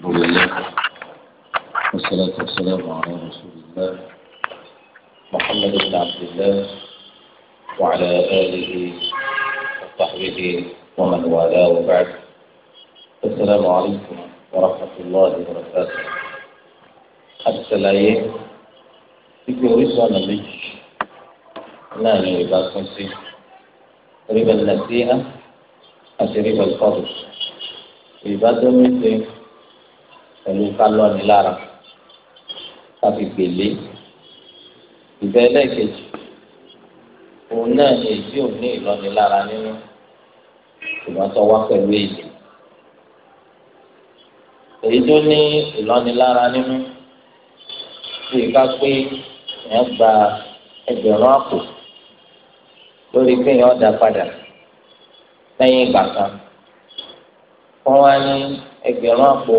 الحمد لله والصلاة والسلام على رسول الله محمد بن عبد الله وعلى آله وصحبه ومن والاه وبعد السلام عليكم ورحمة الله وبركاته السلاية ibi orísun ọ̀nà méjì náà ni ìbá tún sí ríbẹ̀ nàìjíríà àti ríbẹ̀ fọ́ọ̀dù pẹ̀lú kálọ́ọ̀nì lára káfí gbèlé ìfẹ́ ẹlẹ́ẹ̀kejì òun náà ni èyí ò ní ìlọ́nilára nínú ṣùgbọ́n tó wá pẹ̀lú èyí èyí tó ní ìlọ́nilára nínú tí ká pé èèyàn gba ẹgbẹ̀rún àpò lórí pé èèyàn dá padà lẹ́yìn ìgbà kan wọ́n wá ní ẹgbẹ̀rún àpò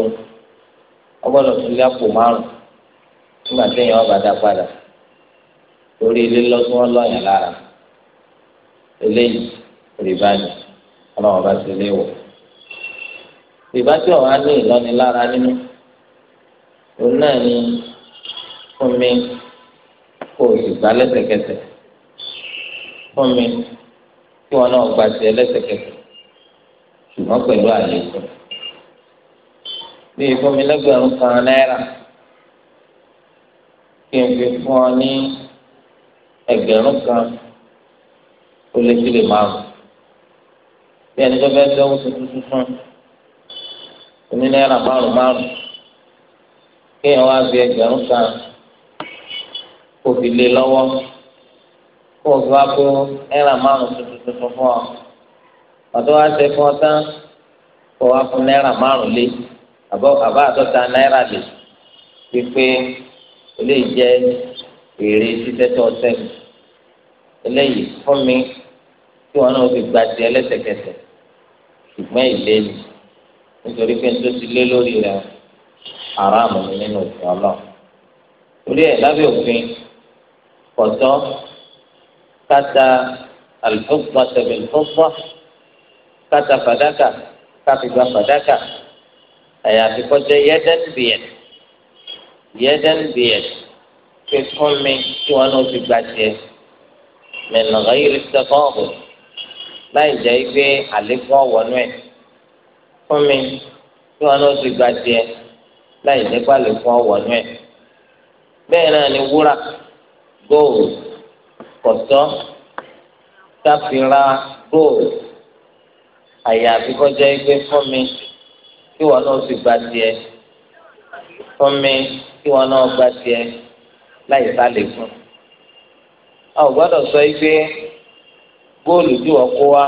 ọgbọ́dọ̀ tún lé àpò márùn nígbà téèyàn ọba dá padà lórí ilé lọ́sùn wọn lọ́yàn lára eléyìí rìbá ni ọlọ́wọ́n bá ti lé wọ̀ rìbá tí ọ̀hún á ní ìlọ́nilára nínú òun náà ni fún mi kó o sì gbá lẹ́sẹ̀kẹsẹ̀ fún mi kí wọn náà gba tiẹ̀ lẹ́sẹ̀kẹsẹ̀ ṣùgbọ́n pẹ̀lú àlékún bí ìfún mi lẹ́gbẹ̀rún kan náírà kí n fi fún ọ ní ẹgbẹ̀rún kan ó lé sí lè máa bí ẹni tó fẹ́ dánwó tuntun tuntun oní náírà márùn márùn kéèyàn wá fi ẹgbẹ̀rún kan kó fi lé lọ́wọ́ kó o fi wá kó náírà márùn tuntun tuntun fún ọ pàtó wá ṣe fún ọ tán kó o wá fún náírà márùn lé àbọ̀ àbá àtọ́ta náírà lè pípé eléyìí jẹ́ èrè títẹ́tọ́ sẹ́gun eléyìí fún mi tí wọn náà fi gba tiẹ̀ lẹ́sẹ̀kẹsẹ̀ ṣùgbọ́n ìlé mi nítorí pé tó ti lé lórí rẹ̀ haram mi nínú òfin ọlọ́run torí ẹ̀ lábẹ́ òfin kọ̀tọ́ káta àlùfọ́gbọ́n tẹ̀lé fọ́gbọ́n fàdákà káfígbà fàdákà àyàfi kọjá yẹdẹn bìẹn yẹdẹn bìẹn pé fún mi tí wọn náà fi gba tiẹ mẹnàgá yìí sẹfọ ọhún láì jẹ́ pé àlékún ọwọnú ẹ fún mi tí wọn náà fi gba tiẹ láì jẹ́ pé àlékún ọwọnú ẹ bẹ́ẹ̀ náà ni wúrà góòlù kọtọ táfìrà góòlù àyàfi kọjá yìí pé fún mi kí wọn náà sì gba tiẹ̀ fún mi kí wọn náà gba tiẹ̀ láì sálè fún a ò gbọ́dọ̀ sọ yìí pé góòlù tí wọn kó wa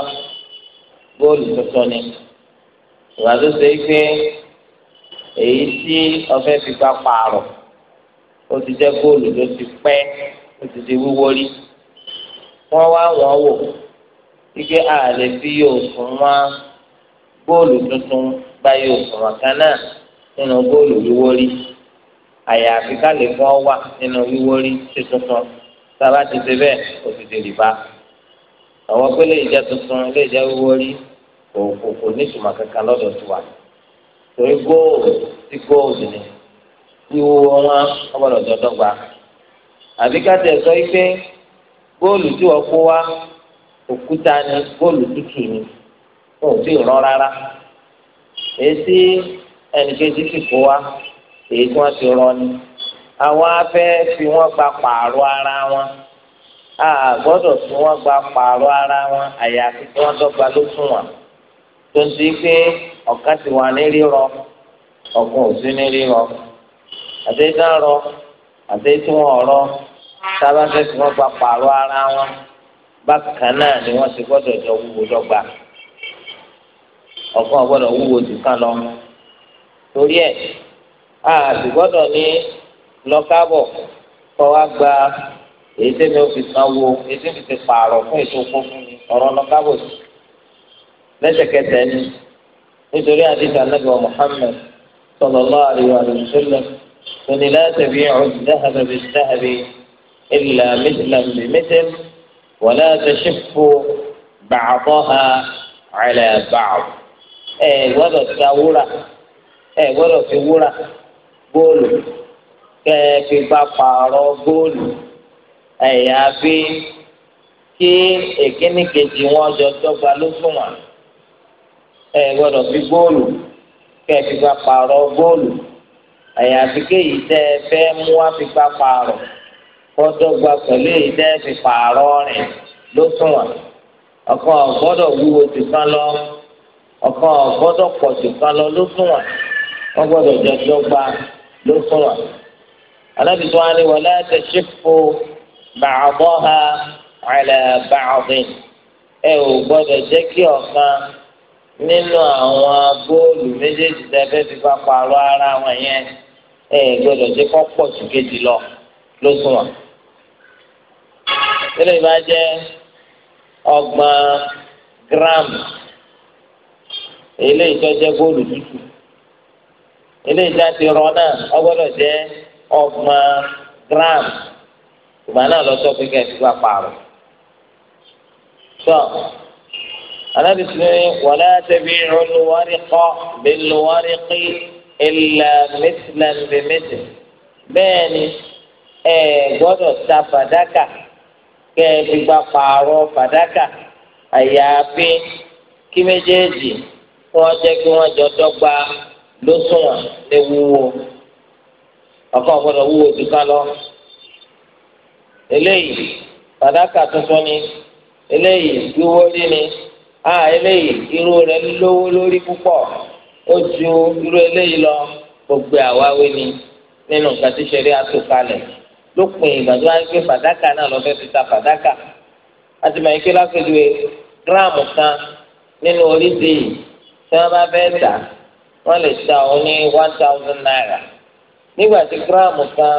góòlù tuntun ni ìwà tó sọ yìí pé èyí tí ọfẹ fi gba pààrọ̀ ó ti jẹ góòlù tó ti pẹ́ ó ti di wíwó rí wọn wá wọn wò wípé a lè fi yóò fún wa góòlù tuntun báyìí òṣùwọ̀n kan náà nínú góòlù wíwó rí àyàfi ká lè fún ọ wà nínú wíwó rí ṣe tuntun sábà ti ṣe bẹ́ẹ̀ kò sì ti rìbá àwọn pé lè jẹ́ tuntun lè jẹ́ wíwó rí kò kò ní ìtumọ̀ kankan lọ́dọ̀ tó wà torí góòlù sí góòlù ni wíwó wọn ọgbọ́dọ̀ dọ́dọ́gba àbí ká tẹ̀ sọ pé góòlù tí wọ́n kó wá òkúta ni góòlù tútù ni wọn ò tí ì rán rárá èsì ẹnìkejì sì kó wa èyí tí wọ́n ti rọ ni àwọn afẹ́ fi wọ́n gba pààrọ̀ ara wọn a gbọ́dọ̀ fi wọ́n gba pààrọ̀ ara wọn àyàfi kí wọ́n dọ́gba lóṣùn wọn tó ń di pé ọ̀kan ti wà ní rírọ̀ ọ̀kan ò sí ní rírọ̀ àtẹ̀tẹ̀ rọ àtẹ̀tẹ̀ wọn ọ̀rọ̀ sábà fẹ́ fi wọ́n gba pààrọ̀ ara wọn bákan náà ni wọ́n ti gbọ́dọ̀ jọ wúwo dọ́gba ọ̀kan ọ̀gbọ́dọ̀ wúwo jù kan lọ torí ẹ̀ a sì gbọ́dọ̀ ní lọ́kábọ̀ kọ́ wa gba èyí tẹ́mi ó fi sanwó èyí tẹ́mi ti pààrọ̀ fún ètò oko fún mi ọ̀rọ̀ lọ́kábọ̀ sí lẹ́sẹ̀kẹsẹ̀ ni nítorí àdìsá nàbẹ̀wò Muhammad sallallahu alaihi wa sallam tóní la tabi'u adh-dhahaba bidh-dhahabi illa mithlan bimithli wa la tashiffu ba'daha ala ba'd ẹ gbọ́dọ̀ fi awúrà ẹ gbọ́dọ̀ fi wúrà góòlù kẹ ẹ fi bá pààrọ̀ góòlù ẹyà fi kí èkíní kejì wọn jọ dọ́gba lóṣùwọ̀n ẹ gbọ́dọ̀ fi góòlù kẹ ẹ fi bá pààrọ̀ góòlù ẹyà fi kéyìí tẹ ẹ fẹ́ mú wá fi bá pààrọ̀ kọdọgba pẹ̀lú èyí tẹ ẹ fi pààrọ̀ rìn lóṣùwọ̀n ọkàn gbọ́dọ̀ wúwo ti lọ ọ̀kan ọ̀gbọ́dọ̀ pọ̀ jù kan lọ ló sùn wà wọ́n gbọ́dọ̀ jẹ́ dọ́gba ló sùn wà. alábi tó wá ní wọlé ẹsẹ̀ ṣífò bàbọ̀ ha àlẹ́ bàbẹ̀ ẹ ò gbọ́dọ̀ jẹ́ kí ọ̀kan nínú àwọn góòlù méjèèjì tẹ́fẹ́ fi bá parọ́ ara wọn yẹn ẹ gbọ́dọ̀ jẹ́ kó pọ̀ jù kejì lọ ló sùn wà. ilé ìbá jẹ́ gíráàmù eléyìí tó jẹ́ góòlù tútù eléyìí tá a ti rọ náà ó gbọ́dọ̀ jẹ́ ọgbọ̀n gram ìgbà náà lọ sọ pé kẹ́hìn gbà pààrọ̀ tó anábì sí ni wàlá tẹ̀bí ìrọ̀lùwárí kọ́ bẹ́ẹ̀lùwárí kí ilà mẹ́tìlán bẹ́ẹ̀ mẹ́tì bẹ́ẹ̀ ni ẹ gbọ́dọ̀ ta fàdákà kẹ́hìn gbà pààrọ̀ fàdákà àyàfi kí méjèèjì kí wọ́n jẹ́ kí wọ́n jọ dọ́gba lóṣùwọ̀n ní wúwo ọ̀kan gbọ́dọ̀ wúwo jù kan lọ. eléyìí sàdákà tuntun ni eléyìí wíwó rí ni a eléyìí irú rẹ̀ lówó lórí púpọ̀ ó ju irú eléyìí lọ gbogbo àwáwí ni nínú nǹkan tí sẹ́rí àtúkalẹ̀ lópin ìgbà tó wá ń gbé fàdákà náà lọ fẹ́ fi ta fàdákà láti máa ń ké gíráàmù kan nínú oríṣi yìí tí wọ́n bá fẹ́ tà wọ́n lè ta ọ ní one thousand naira nígbà tí gíráàmù kan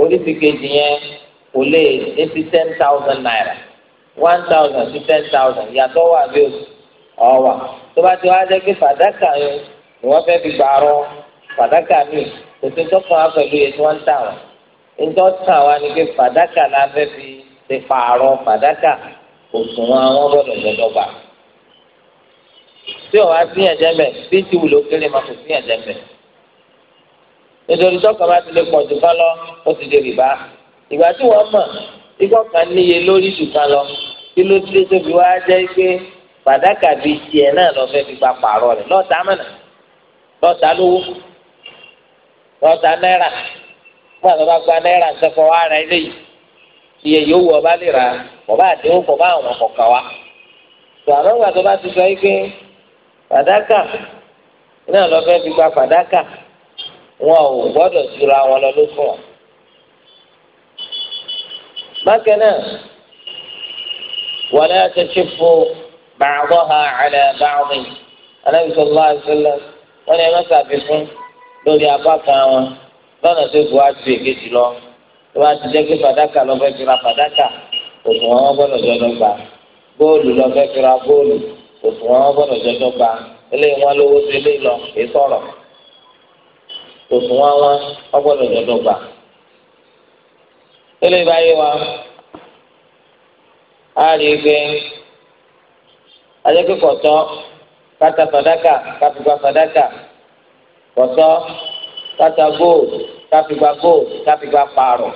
oríṣi kejì yẹn kò lè dé sí ten thousand naira one thousand sí ten thousand yàtọ̀ wà bí o ọ̀wà tó bá ti wá jẹ́ pé fàdákà yẹn ni wọ́n fẹ́ fi gbàrọ̀ fàdákà mi kò sí tọkàn á pẹ̀lú yẹn tí wọ́n ń tà wọ́n ntọ́ tàn ni pé fàdákà la fẹ́ fi ṣe pààrọ̀ fàdákà kò sùn wọn àwọn gbọ́dọ̀ gbọ́dọ̀ gbà tí ọ̀wá sí ẹ̀jẹ̀ mẹ́ bí ti wùlò kéré máa kò sí ẹ̀jẹ̀ mẹ́. nítorí tọ́ka bá ti lè pọ̀ jù kan lọ ó ti di rìbá. ìgbà tí wọ́n mọ̀ ikọ́ kan níye lórí jù kan lọ kí ló dé tó fi wá jẹ́ pé fàdákà bíi tiẹ̀ náà lọ fẹ́ fi gba pààrọ̀ rẹ̀ lọ́ọ̀tà mọ̀nà lọ́ọ̀tà lówó lọ́ọ̀tà náírà fún àtọ́ bá gba náírà sẹ́kọ̀ wá ara eléyìí iye yòówù ọba lè ra kọ̀ bá àdéhùn kọ̀ bá àwọn kọ̀ọ̀kan wa. tòun àwọn ìgbà bá ti sọ yìí pé fàdákà náà lọ fẹ́ fi gba fàdákà wọn ò gbọ́dọ̀ jura wọn lọ ló fún wọn. bákan náà wala tashifu ba'daha ala ba'd Ànábì sallallahu alaihi wasallam wọn ni ẹ má ṣàfikún lórí apá kan wọn lọ́nà tó bu àti èkejì lọ tó bá ti jẹ́ pé fàdákà lọ fẹ́ fira fàdákà òṣùwọ̀n wọn gbọ́dọ̀ jọ lọ gbà góòlù lọ fẹ́ fira òṣùwọ̀n wọn gbọ́dọ̀ jọjọ́ gba eléyìí wọn lówó sí eléyìí lọ kì í sọ̀rọ̀ òṣùwọ̀n wọn wọn gbọ́dọ̀ jọjọ́ gba eléyìí báyìí wa á rí i pé adékèkọ̀tọ́ kata fadaka káfígbà fadaka kọ̀tọ́ kata gold káfígbà gold káfígbà pààrọ̀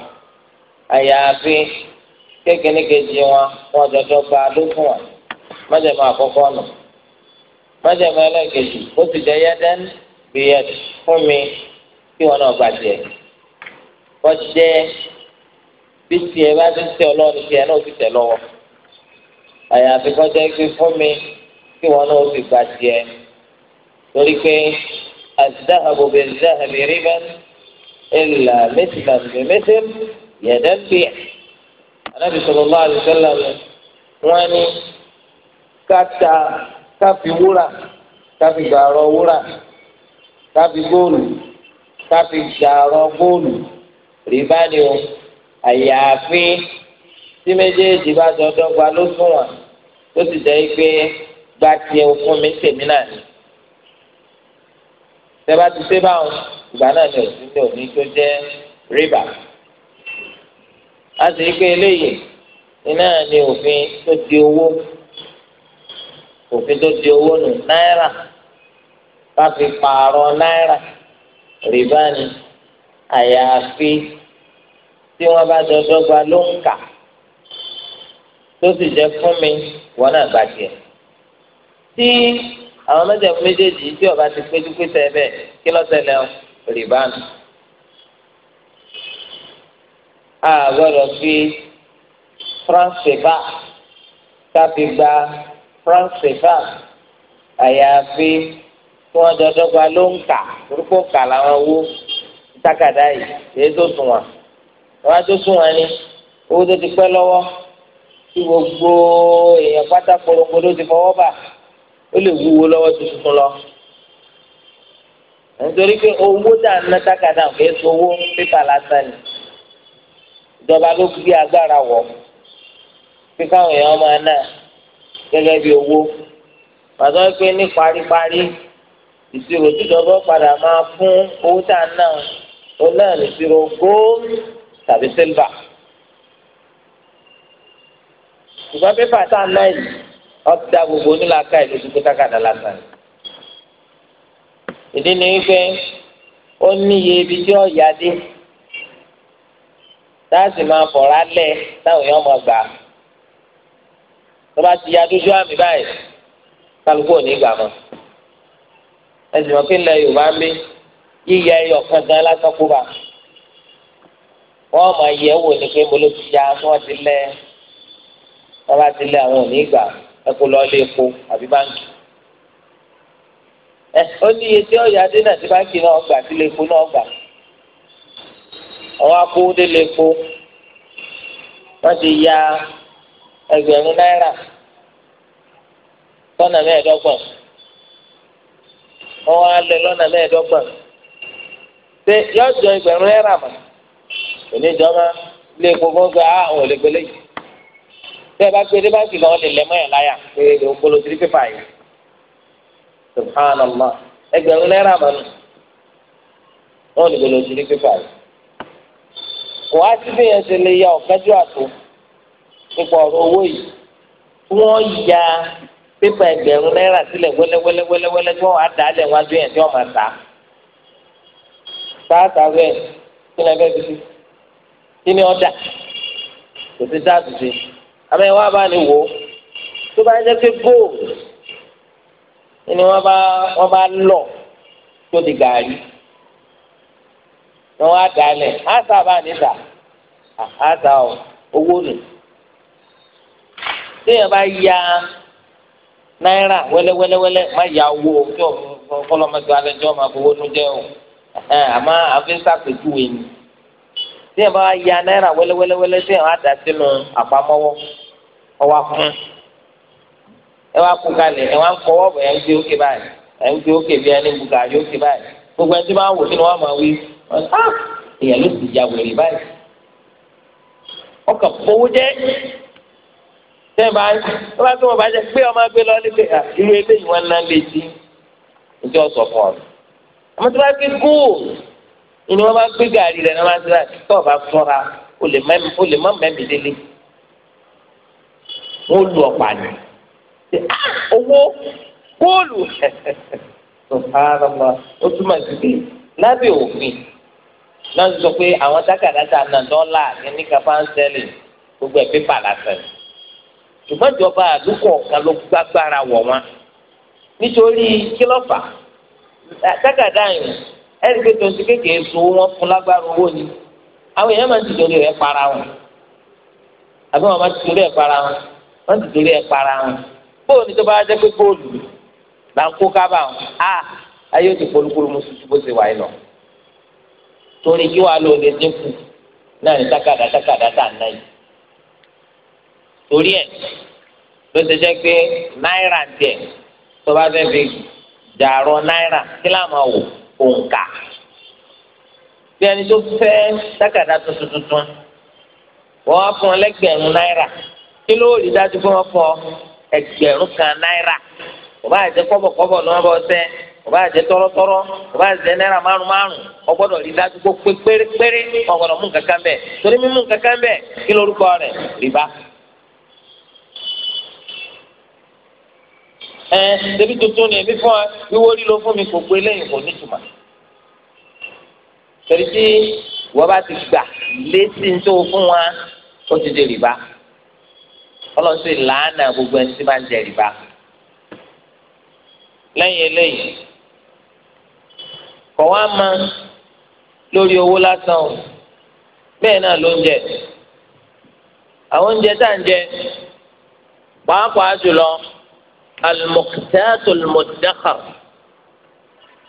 àyàfi kékeré kejì wọn wọn jọjọ́ gba ló fún wọn májẹ̀mú àkọ́kọ́ nù májẹ̀mú ẹlẹ́kẹ̀jì ó ti jẹ́ yẹ́dẹ́n bí yẹ fún mi kí wọn náà bàjẹ́ kọjẹ́ bí tiẹ̀ bá ti tẹ̀ ọlọ́ọ̀ni tiẹ̀ náà ti tẹ̀ lọ́wọ́ àyàfi kọjẹ́ pé fún mi kí wọn náà ti bàjẹ́ torí pé azahabu bẹ zahabi riban ilà mẹsìlá mẹsìl yẹ̀dẹ́n bí anabi sallallahu alaihi wasallam wọn ni káta káfi wúrà káfi gbàrọ wúrà káfi góòlù káfi gbàrọ góòlù riba ni o àyàfi tí méjèèjì bá jọ dọ́gba ló sùn wọn tó sì jẹ́ pé gba tiẹ̀ fún mi tèmi náà ni tẹ́bá ti ṣe báwọn ìgbà náà ni òsì ní òní tó jẹ́ rìbá a sì rí pé eléyìí iná ni òfin tó di owó òfin tó di owó nù náírà ká fi pààrọ̀ náírà rìbá ni àyàfi tí wọ́n bá dọ́dọ́gba ló ń kà tó sì jẹ́ fún mi wọ́n náà gbà tiẹ̀ tí àwọn mẹ́jọ méjèèjì tí ọba ti péjú pété bẹ́ẹ̀ kí ló ṣẹlẹ̀ ọ rìbá nù. a fi france bá ká fi gba france fan àyàfi kí wọ́n dọ́dọ́gba ló ń kà orúkọ kà làwọn wó tákàdá yìí èyí tó sùn wọn wọn á tó sùn wọn ni owó tó ti pẹ́ lọ́wọ́ tí gbogbo èèyàn pátá polongodo ti fọwọ́ bà ó lè wúwo lọ́wọ́ tuntun lọ nítorí pé owó dà ń ná tákàdá kò é so owó pépà lásán ni ìjọba ló gbé agbára wọ̀ pé káwọn èèyàn máa náà gẹ́gẹ́ bí owó pàtó pé ní paríparí ìṣirò tìjọba padà máa fún owó tá a ná o náà nìṣirò gold tàbí silver ṣùgbọ́n pépà tá a ná yìí ọ̀dà gbogbo onílàáká ìlú tó kátàkàtà lásán ìdí ni wípé ó níye ibi tí ó yá dé táà sì máa fọ̀rọ̀ alẹ́ táwọn èèyàn máa gbà á tọ́ba ti ya dójú àmì báyìí kálukú òní ìgbà mọ́ ẹsìn wọn kí ń lẹ yorùbá ń bí yíyẹ ẹyọ kan gan lásán kú bá wọn máa yẹ wò ní pé mbolo ti ya tí wọn ti lẹ tọ́ba ti lẹ àwọn òní ìgbà ẹkú lọ lé epo àbí báńkì ẹ ó ní iye tí ọ̀yà dé náà ti báńkì náà gbà tí lè náà gbà àwọn akówó dé lè epo ti ya ẹgbẹ̀rún náírà lọ́nà mẹ́ẹ̀ẹ́dọ́gbọ̀n wọ́n wá lẹ lọ́nà mẹ́ẹ̀ẹ́dọ́gbọ̀n ṣé yọjọ ẹgbẹ̀rún náírà mọ́ oníjọba lé gbogbo gba àwọn òlẹgbẹlẹ yìí tẹ bá gbé e débàkì lọ lè lẹmọ ẹ láyà pé òkpolo tiri pépà yìí subhanallah ẹgbẹ̀rún náírà mọ nù wọn lè gbolo tiri pépà yìí wàá ti fi yẹn ṣe lè ya ọ̀kájú àtò nípa ọ̀rọ̀ owó yìí tí wọ́n ya pépà ẹgbẹ̀rún náírà sílẹ̀ wẹ́lẹ́wẹ́lẹ́wẹ́lẹ́ tí wọ́n wá dà á lẹ̀ wájú yẹn tí wọ́n máa tà sáàtà bẹ́ẹ̀ kí ni ẹgbẹ́ bíi kí ni ọ̀dà kò sí dáàbò sí àmọ́ ẹ wá bá ní wò ó tó bá jẹ́ pé góòlù ni wọ́n bá lọ tó di gàárì wọ́n wá dà á lẹ̀ á sábà níta á sá owó nù téèyàn bá ya náírà wẹ́lẹ́wẹ́lẹ́wẹ́lẹ́ má ya owó kí ọlọ́mọdé alẹ́jọ́ máa fowó nu jẹ́ o àmọ́ àfẹ́sà pẹ̀júwe ni téèyàn bá ya náírà wẹ́lẹ́wẹ́lẹ́wẹ́lẹ́ téèyàn á dà sínú àpamọ́wọ́ ọwọ́ fún ẹ wá kú kalẹ̀ ẹ wá ń kọ́wọ́ bẹ̀ ẹ ń gbé òkè báyìí ẹ ń gbé òkè bí ẹni bùkà yóò òkè báyìí gbogbo ẹni tí wọ́n á wò nínú wọn máa wí èèyàn ló sì ya wèrè báyìí ọkàn fowó jẹ́ sẹ́yìn bá wọ́n bá tó wọ́n bá jẹ́ pé ọmọ gbé lọ nígbè à irú eléyìí wọ́n ná létí ìjọ sọ fún ọ. àmọ́ tí wọ́n bá gbé góòlù ni wọ́n bá gbé gàrí rẹ̀ náà máa ń sọ tó ọba fọ́ra o lè má mẹ́mí délé. wọ́n lu ọ̀pá ni owó góòlù sọ̀hánàmọ́ ó túmọ̀ sí pé lábẹ́ òfin náà sọ pé àwọn dákàdá tá a nà ní níkà ń sẹ́lẹ̀ gbogbo ẹ̀ pépà lásán ṣùgbọ́n ìjọba àdúgbò ọ̀kan ló gbágbára wọ̀ wọn nítorí kílọ̀fà tákàdá yìí ẹ̀rí pé tòṣì kékeré so wọn fún lágbára owó ni àwọn èèyàn máa ń tìtorí rẹ̀ para wọn àbí wọn máa ń tìtorí ẹ̀ para wọn wọn ti torí ẹ para wọn bóòlù ní tó bá jẹ pé góòlù là ń kó kábà wọn a ayé ó ti polúkúrú mu tutù bó ṣe wà yìí lọ torí kí wàá lò dínkù náà ní tákàdá tákàdá tà náà yìí torí ẹ̀ ló ti jẹ́ pé náírà tiẹ̀ tó bá fẹ́ fi jàrọ náírà kí láà máa wò òǹkà bí ẹni tó fẹ́ sákàdá tuntun tuntun wọ́n á fún ọ lẹ́gbẹ̀rún náírà kí ló rí dájú pé fọ ẹgbẹ̀rún kan náírà kò bá kò bá kò bá náírà márùn márùn rí ẹ ṣebí tuntun ni èmi fún ẹ wíwó lílo fún mi kò pé lẹ́yìn kò ní tuma torí tí wọ́n bá ti gbà létí tó fún wa ó ti di rìbá ọlọ́sọ ìlànà gbogbo ẹni tí máa ń jẹ rìbá lẹ́yìn eléyìí kọ̀ wá ma lórí owó lásán o bẹ́ẹ̀ náà ló ń jẹ àwọn oúnjẹ tá à ń jẹ pàápàá jùlọ almọ̀tẹ́tò mọ̀dẹ́kà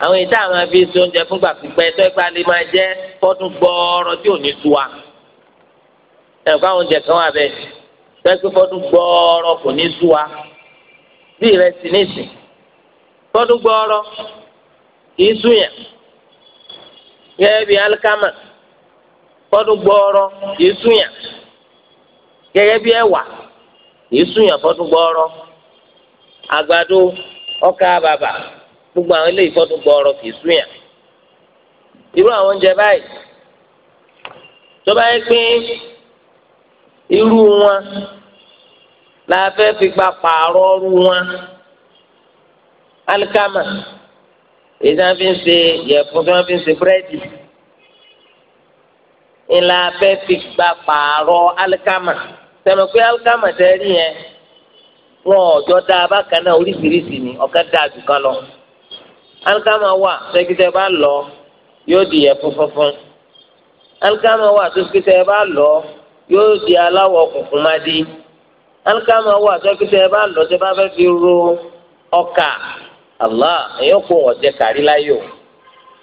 àwọn èyí tá a máa fi ṣe oúnjẹ fúngbà pípẹ́ tó ẹgbẹ́ alẹ́ máa jẹ́ fọ́dún gbọ́ọ́rọ́ tí ò ní tu wa ẹ̀kọ́ àwọn oúnjẹ kan wà bẹ́ẹ̀ tó ẹgbẹ́ fọ́dún gbọ́ọ́rọ́ kò ní tu wa bí ìrẹsì nìsín fọ́dún gbọ́ọ́rọ́ kì í sùn yẹn gẹ́gẹ́ bí alikama fọ́dún gbọ́ọ́rọ́ kì í sùn yẹn gẹ́gẹ́ bí ẹ̀wà kì í sùn yẹn fọ́dún gbọ́ọ́rọ́ àgbàdo ọkà bàbà gbogbo àwọn eléyìí fọdún gbọọrọ kì í súnyà irú àwọn oúnjẹ báyìí tó bá yẹ pé irú wọn la fẹ́ fi gba pààrọ̀ ọrú wọn alikama èyí tí wọ́n fi ń ṣe yẹ̀fun tí wọ́n fi ń ṣe búrẹ́dì ńlá fẹ́ fi gba pààrọ̀ alikama sẹ́mi pé alikama tẹ́ rí yẹn wọn ọjọ́ da a náà oríṣiríṣi ni ọ̀kan dá a lọ. alikama lọ yóò di ẹ̀fún funfun alikama wà sẹ́kítẹ́ bá lọ yóò di alawọ funfun má di alikama wà sẹ́kítẹ́ bá lọ tẹ́ bá fẹ́ fi ro ọkà èyàn kò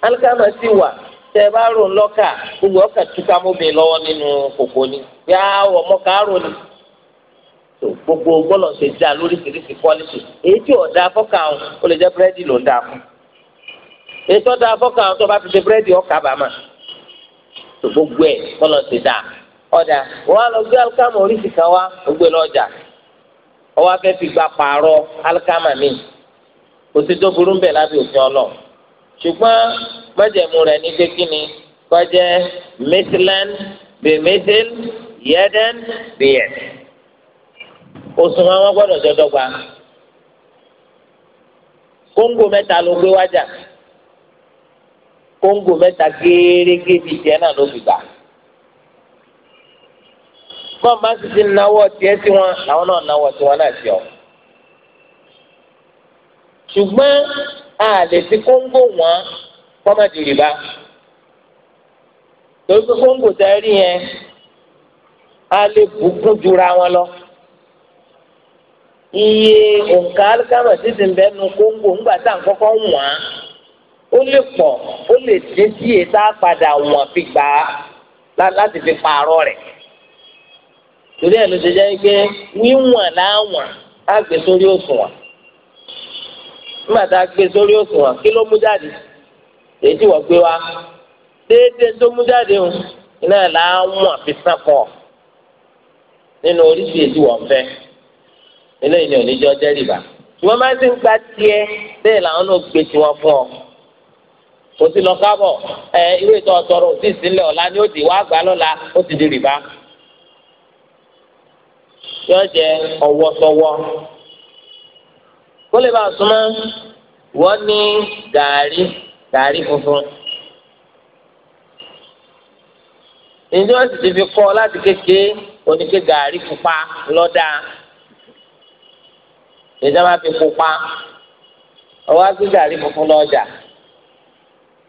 alikama sì wà bá rò nínú kòkó ni tó gbogbo gbọ́dọ̀ ṣe dá lóríṣiríṣi quality èyí tí ò da fọ́kà ọ̀hún ó lè jẹ́ búrẹ́dì ló ń da fún èyí tó da fọ́kà ọ̀hún tó bá fi ṣe búrẹ́dì ọ̀kà bàmà tó gbogbo ẹ̀ gbọ́dọ̀ ṣe dá ọ̀dà wọ́n á lọ gbé alikama oríṣi kan wá gbogbo lọ́jà ọwọ́ afẹ́ fi gba pààrọ̀ alikama mi kò sí tó burú bẹ́ẹ̀ lábẹ́ òfin ọlọ́ ṣùgbọ́n májẹ̀mú rẹ̀ ní kékinni kọjá mẹsìlẹ́n bẹ́ẹ̀ mẹsìl yẹ́dẹ́n bẹ́ẹ̀ òṣùwọ̀n wọn gbọdọ dọdọ gba, kóńgò mẹ́ta ló gbé wájà kóńgò mẹ́ta gẹ́gẹ́ bíi tiẹ̀ náà ló fi gbà bọ́ọ̀mù bá sì ti náwó sí wọn làwọn náà náwó tiwọn náà ọ. ṣùgbọ́n a lè kóńgò wọn kọ́mọ̀dì rìbá torí pé kóńgò tẹ́ rí a lè bùkún jura lọ. iye òǹkà alikama títí ń bẹ nu kóńgò ńgbà tá à ń kọ́kọ́ wọ̀n á ó lè pọ̀ ó lè dín sí iye tá a padà wọ̀n fi gbà á láti fi pààrọ̀ rẹ̀ torí ẹ̀ ló ṣe jẹ́ pé wíwọ̀n láwọ̀n á gbé sórí òṣùwọ̀n nígbà tá a gbé sórí òṣùwọ̀n kí ló mú jáde èyí tí wọ́n gbé wá déédéé tó mú jáde o iná láwọ̀n fi sàn pọ̀ nínú oríṣi èyí fẹ́ eléyìí ni oníjọ́ jẹ́ rìbá ṣùgbọ́n máa ti ń gba tiẹ̀ bẹ́ẹ̀ làwọn náà gbé tiwọn fún ọ kò sí lọ kábọ̀ ẹ irú ìtọ́ ọ̀tọ̀rọ̀ ò sì sílẹ̀ ọ̀la ni ó ti wá gbà lọ́la ó ti di rìbá yọ jẹ ọwọ́sọwọ́ kó lè bá a súnmọ́ wọ́n ní gàárì gàárì funfun ìjọba sì ti fi kọ́ láti kékeré oníke gàárì pupa lọ́dà ìjọba fi pupa ọwọ́ àti gàrí funfun lọ́jà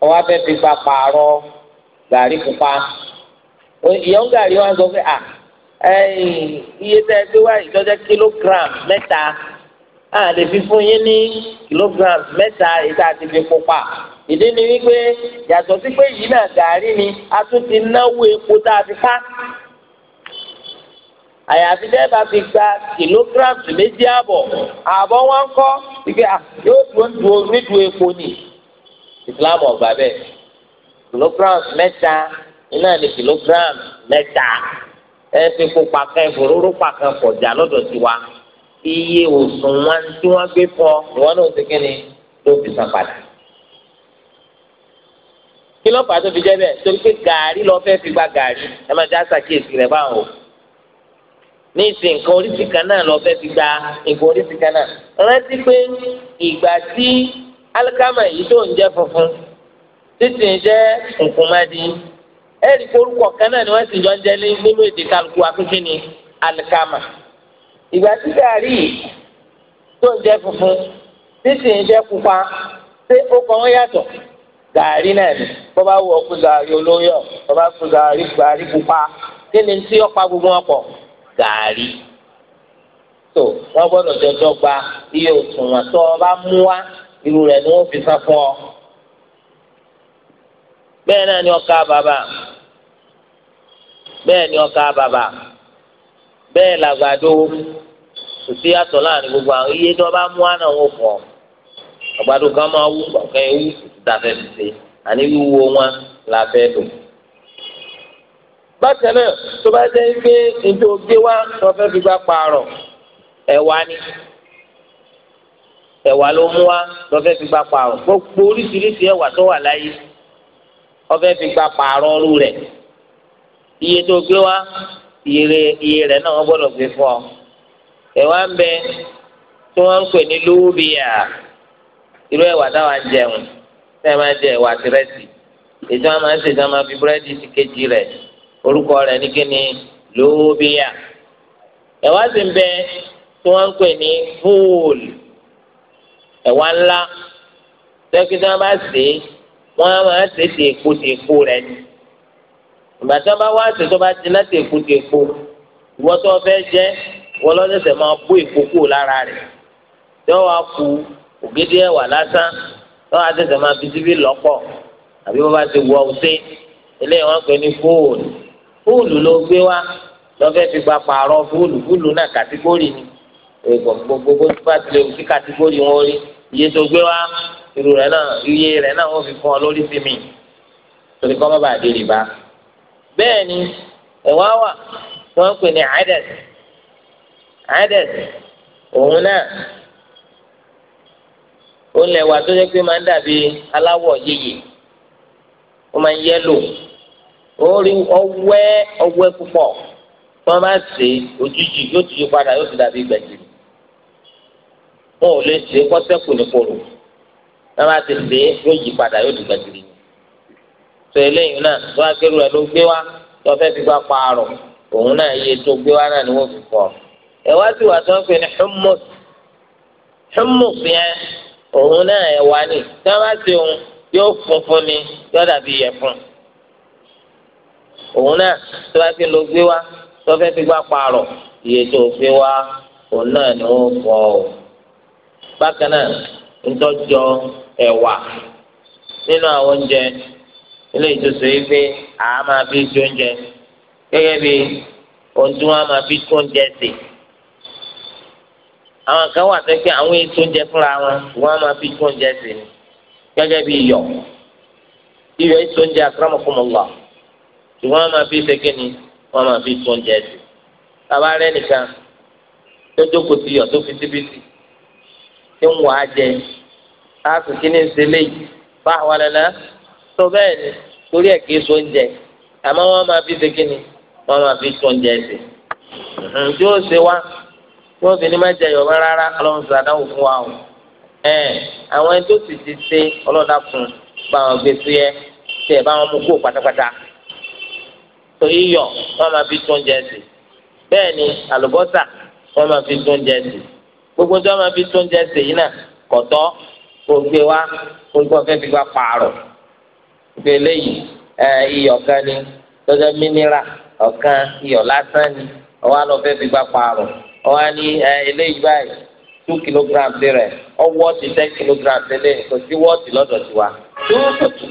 ọwọ́ abẹ́ fi gba pààrọ̀ gàrí pupa ìyọ̀n gàrí wọn sọ pé à iye tẹ́ ẹ gbé wá ìjọjẹ́ kìlógíràm mẹ́ta a lè fi fún yín ní kìlógíràm mẹ́ta ìta àti fi pupa ìdí ni wípé yàtọ̀ sí pé yìí náà gàrí ni a tún ti náwó epo tá a fi ká àyàfi dẹ́ẹ̀bà fi gba kìlógíráàmù méjì àbọ̀ àbọ̀ wọn kọ́ ike ah, yóò dúró dúró nídùú epo ni ìsìlámù ọ̀gbà bẹ́ẹ̀ kìlógíráàmù mẹ́ta iná ní kìlógíráàmù mẹ́ta ẹ fi kó pàkẹ́ ìfòróró pàkẹ́ pọ̀jà lọ́dọ̀ tiwa iye òṣùwọ̀n tí wọ́n gbé fọ́ ìwọ náà ti kí ni ló fi san padà. kí ló fà á tó fi jẹ́ bẹ́ẹ̀ torí pé gàárì lọ fẹ́ fi gba gàárì ẹ máa já sàkíyèsí rẹ̀ báwọn o ní ìsìn nǹkan oríṣi kan náà lọ fẹ́ fi gba nǹkan oríṣi kan náà rántí pé ìgbà tí alikama yìí tó ń jẹ́ funfun títí ń jẹ́ nkùnmadì ẹ̀rí orúkọ kan náà ni wọ́n sì jọ ń jẹ́ nínú èdè kálukú akéké ni alikama ìgbà tí gàrí tó ń jẹ́ funfun títí ń jẹ́ pupa ṣé ó kọ́ wọ́n yàtọ̀ gàrí náà ni bọ́bá wù ọ́ kú gàrí olóyọ̀ bọ́bá kú gàrí pupa kí ni tí ó gbogbo wọn pọ̀ gàárì tó wọ́n gbọ́dọ̀ jọjọ gba iye òṣùwọ̀n tó o bá mú wá irú rẹ̀ ni wọ́n fi san fún ọ. bẹ́ẹ̀ náà ni ọkà bàbà bẹ́ẹ̀ ni ọkà bàbà bẹ́ẹ̀ làgbàdo kò sí yàtọ̀ láàrin gbogbo àwọn iye tí wọ́n bá mú wá náà wọ́n fọ̀ àgbàdo kan máa wú ọ̀kẹ́ wú dàfẹ́ fi ṣe àní wíwo wọn làfẹ́ lò bákan náà tó bá jẹ́ pé nítorí ogé wá tó fẹ́ fi gbá pààrọ̀ ẹ̀wà ni ẹ̀wà ló mú wá tó fẹ́ fi gbá pààrọ̀ gbogbo oríṣiríṣi ẹ̀wà tó wà láyé ó fẹ́ fi gbá pààrọ̀ ọrú rẹ̀ iye tó gbé wá iye rẹ̀ náà wọ́n gbọ́dọ̀ gbé fún ọ ẹ̀wà ń bẹ tí wọ́n ń pè ní lóòbíà irú ẹ̀wà táwa jẹun tẹ́ ẹ máa jẹ ẹ̀wà tìrẹsì èyí tí wọ́n máa ń ṣe tí wọ́n máa fi búrẹ́dì sí kejì rẹ̀ orúkọ rẹ̀ ní kíni lóbíà ẹ̀wá sì ń bẹ tí wọ́n ń pè ní fúùlù ẹ̀wá ńlá dókítà bá sè é wọ́n á máa sè é tèèpo tèèpo rẹ̀ ni ìgbà tí wọ́n bá wá sè é tó bá jiná tèèpo tèèpo ìwọ́n tó fẹ́ jẹ́ wọ́n lọ́sẹ̀sẹ̀ máa bó èpo kúrò lára rẹ̀ tí wọ́n wá ku ògidì ẹ̀wà lásán tí wọ́n á sẹ̀sẹ̀ máa fi síbí lọ́pọ̀ àbí wọ́n bá ti wọ ọ̀sẹ̀ eléyìí wọ́n pè ní fóònù fóònù ló gbé wá lọ́fẹ́ fi gba pààrọ̀ fóònù fóònù náà kàtígórì ni gbogbo bá tilẹ̀ òkú kàtígórì wọn rí iye tó gbé wá irú rẹ̀ náà iye rẹ̀ náà wọ́n fi fún ọ lórí sí mi torí kọ́ bàbá àdé rìbá bẹ́ẹ̀ ni ẹ̀wá wà wọ́n ń pè ní adẹ́s adẹ́s òun náà ó lẹ̀wà tó yẹ pé máa ń dàbí aláwọ̀ yéye ó máa ń yẹ́lò orí ọwẹ́ ọwẹ́ púpọ̀ tó máa ṣe òjijì yóò ti yí padà yóò ti dàbí gbẹ̀jì wọn ò lè ṣe kọ́sẹ́kù ní koro tó máa ti ṣe yóò yí padà yóò ti gbẹ̀jì tó eléyìí náà tó akérò rẹ ló gbé wá tó fẹ́ fi gbá paarọ̀ òun náà iye tó gbé wá náà ni wọ́n fi kọ́ ẹ̀wá sì wà tó ń pè ní hummus hummus yẹn òun náà ẹ̀wá ni tó máa ṣe òun yóò funfun ni yóò dàbí yẹ̀fun. òun náà tó bá ti lọ gbé wá tó fẹ́ fi gbá iye tó gbé òun náà ni ó o. bákan náà ntọ́jọ ẹ̀wà nínú àwọn oúnjẹ ilé ìtòsọ yìí pé a máa fi jó oúnjẹ gẹ́gẹ́ bí ohun tí wọ́n máa fi tó oúnjẹ sí. àwọn kan wà sẹ́kẹ́ àwọn ètò oúnjẹ fúnra wọn wọ́n máa fi tó oúnjẹ sí gẹ́gẹ́ bí iyọ̀ iyọ̀ oúnjẹ tí wọ́n máa fi ṣe kíni wọ́n máa fi tún oúnjẹ sí bàbá rẹ nìkan tó jókòó ti yọ tó fi síbítì tí ń wàá jẹ láti kíni ń ṣe léyìí bá wà lẹ́la tó bẹ́ẹ̀ ni torí ẹ̀ kì í so oúnjẹ àmọ́ wọ́n máa fi ṣe kíni wọ́n máa fi tún oúnjẹ sí tí ó ṣe wá tí wọ́n fi ní má jẹ Yorùbá rárá Ọlọ́run ṣàdáwò fún wa o àwọn ẹni tó sì ti ṣe ọlọ́dà fún báwọn gbèsè ẹ tẹ báwọn mú kó pátápátá tó iyọ̀ wọ́n máa fi tún oúnjẹ sí bẹ́ẹ̀ ni àlùbọ́sà wọ́n máa fi tún oúnjẹ sí gbogbo tí wọ́n máa fi tún oúnjẹ sí yìí náà kọ̀tọ́ kó gbé wá kó gbọ́ fẹ́ fi wá pààrọ̀ gbé léyìí ẹ iyọ̀ kan ni lọ́jọ́ mínírà ọ̀kan iyọ̀ lásán ni ọwọ́ àlọ́ fẹ́ fi wá pààrọ̀ ọwọ́ á ní ẹ eléyìí báyìí two kilograms rẹ̀ ọwọ́ ti ten kilograms lélẹ̀ kò sí wọ́ọ̀tì lọ́dọ̀ tiwa tó tó tó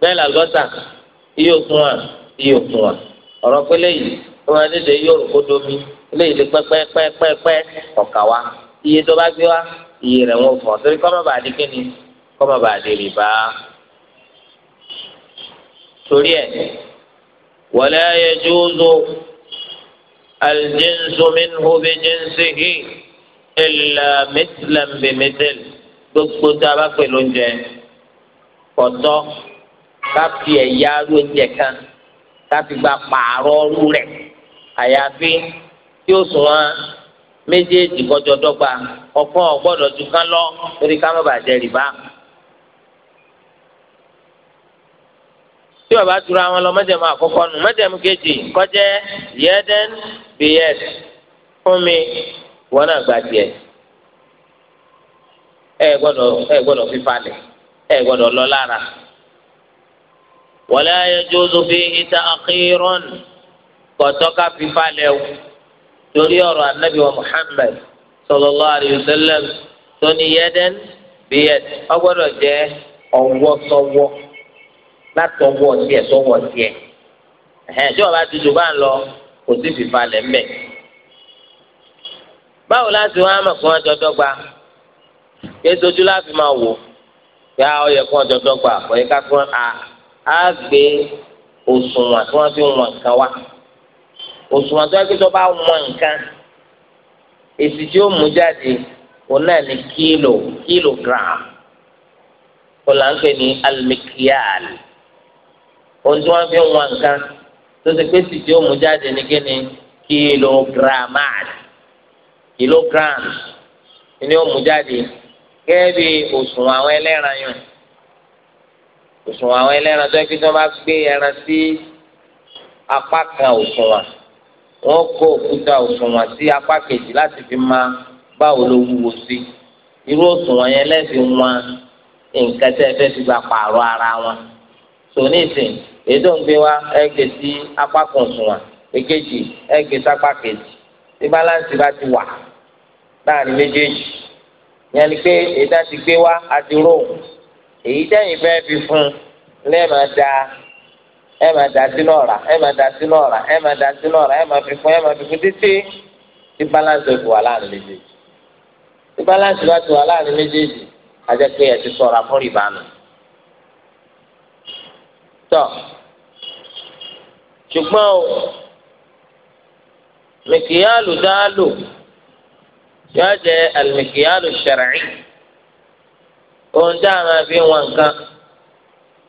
bẹ́ẹ̀ làlọ́sà iye òṣùwọ̀n iye òṣùwọ̀n ọ̀rọ̀ pé léyìí wọn nílò iye òrùkó domi léyìí lè pẹ́pẹ́pẹ́pẹ́ ọ̀kà wa iye tó bá gbé wa iye rẹ̀ wọn fọ̀ torí kọ́ máa bàa di kíni kọ́ máa bàa di rìbá. torí ẹ̀ wala yajuzu al-jinsu minhu bi jinsihi illa mithlan bi gbogbo tá a bá pè lóúnjẹ kọ̀tọ́. ká fi ẹ̀yà aró oúnjẹ kan gba pààrọ̀ ọrú rẹ̀ àyàfi tí ó sùn wọn méjèèjì kọjọ dọ́gba ọ̀kan ọ̀gbọ́dọ̀ ju kan lọ torí jẹ tí bàbá tura wọn lọ mọ́jẹ̀mú àkọ́kọ́ nù mọ́jẹ̀mú kejì kọjẹ fún mi wọn náà gba ẹ gbọdọ ẹ gbọdọ ẹ gbọdọ lọ lára wala yajuzu fihi ta'khirun kọ̀tọ́ ká fi falẹ̀ o torí ọ̀rọ̀ anabi wa muhammad sallallahu alayhi wa sallam tó ní yẹ́dẹ́n bíyẹn ọgbọ́dọ̀ jẹ́ ọwọ́ sọ́wọ́ látọwọ́ tiẹ̀ sọ́wọ́ tiẹ̀ ẹ̀hẹ́n tí wọ́n bá ti dùn bá ń lọ kò sí fìfalẹ̀ mbẹ̀. báwo láti wọn àmọ̀ kí wọ́n jọ dọ́gba yé sojú láti máa wò yá ọ yẹ kí wọ́n dọ́gba ọ̀yẹ́ ká fún a á gbé òṣùwọ̀n tí wọ́n fi wọ̀n nǹkan wá òṣùwọ̀n tí wọ́n fi tó bá wọ̀n nǹkan èsì tí ó mú jáde òun náà ní kílò kílógíràm kò là ń pè ní alimikiyal ohun tí wọ́n fi wọ̀n nǹkan tó ti pé èsì tí ó mú jáde ní kí ni kílógíràmàd kílógíràm ni ó mú jáde gẹ́gẹ́ bí òṣùwọ̀n àwọn ẹlẹ́ran yìí òṣùwọ̀n àwọn ẹlẹ́ran tó ń fi tí wọ́n bá gbé ẹran sí apá kan òṣùwọ̀n wọ́n kó òkúta òṣùwọ̀n sí apá kejì láti fi máa báwo ló wúwo sí irú òṣùwọ̀n yẹn lẹ́sìn wọn nǹkan tẹ́ ẹ fẹ́ fi gba pààrọ̀ ara wọn tòní ìsìn èyí tó ń gbé wa ẹ̀ẹ́gẹ̀ sí apá kan òṣùwọ̀n èkejì ẹ̀ẹ́gẹ̀ sí apá kejì tí báláǹsì bá ti wà láàrin méjèèjì yẹn ni pé èyí tá ti gbé wa àti róòmù èyí tẹ́yìn fẹ́ fi fún lẹ́ẹ̀ máa da ẹ máa da sínú ọ̀rá ẹ máa da sínú ọ̀rá ẹ máa da sínú ọ̀rá ẹ máa fi fún ẹ máa fi fún títí tí balance fi wà láàrin méjèèjì tí balance bá ti wà láàrin méjèèjì ajẹ́ pé ẹ ti sọ̀rọ̀ fún ìbánu. tọ́ ṣùgbọ́n o mìkìyàlù dáálò yóò jẹ́ àlùmìkìyàlù shar'i ohun tí a máa fi wọn nǹkan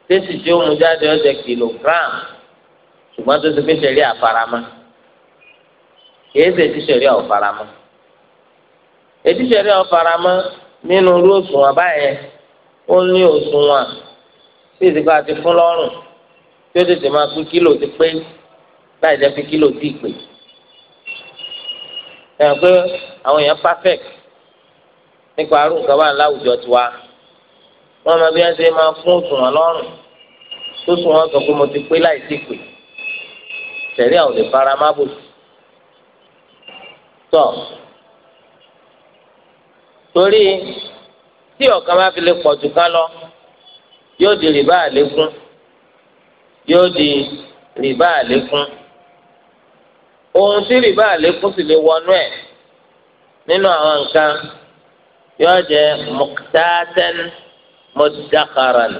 tẹ́sí tí ó mú jáde ọ̀jẹ̀ kìlógíráàmù ṣùgbọ́n tó ti fi ṣẹ̀rí àfaramọ́ kìí ṣe ti ṣẹ̀rí ọ̀faramọ́ ètí ṣẹ̀rí ọ̀faramọ́ nínú irú òṣùwọ̀n báyẹn ó ní òṣùwọ̀n tí ìdìbò àti fún lọ́rùn tí ó tètè máa pín kílò ti pé láì jẹ́ pé kílò tí pè ẹ̀ pé àwọn èèyàn perfect nípa arúgbó wa láwùjọ tiwa wọn máa bí wọn ṣe máa fún òtún wọn lọ́rùn tó sùn wọn sọ pé mo ti pé láì sí pé tẹ̀lé àwọn lè fara má bò tọ̀ torí tí ọ̀kan bá fi lè pọ̀ jù ká lọ yóò di rìbá àlékún yóò di rìbá àlékún ohun tí rìbá àlékún sì lè wọnú ẹ̀ nínú àwọn nǹkan yóò jẹ́ mọ̀kítàtẹ́nu mọdàkàràn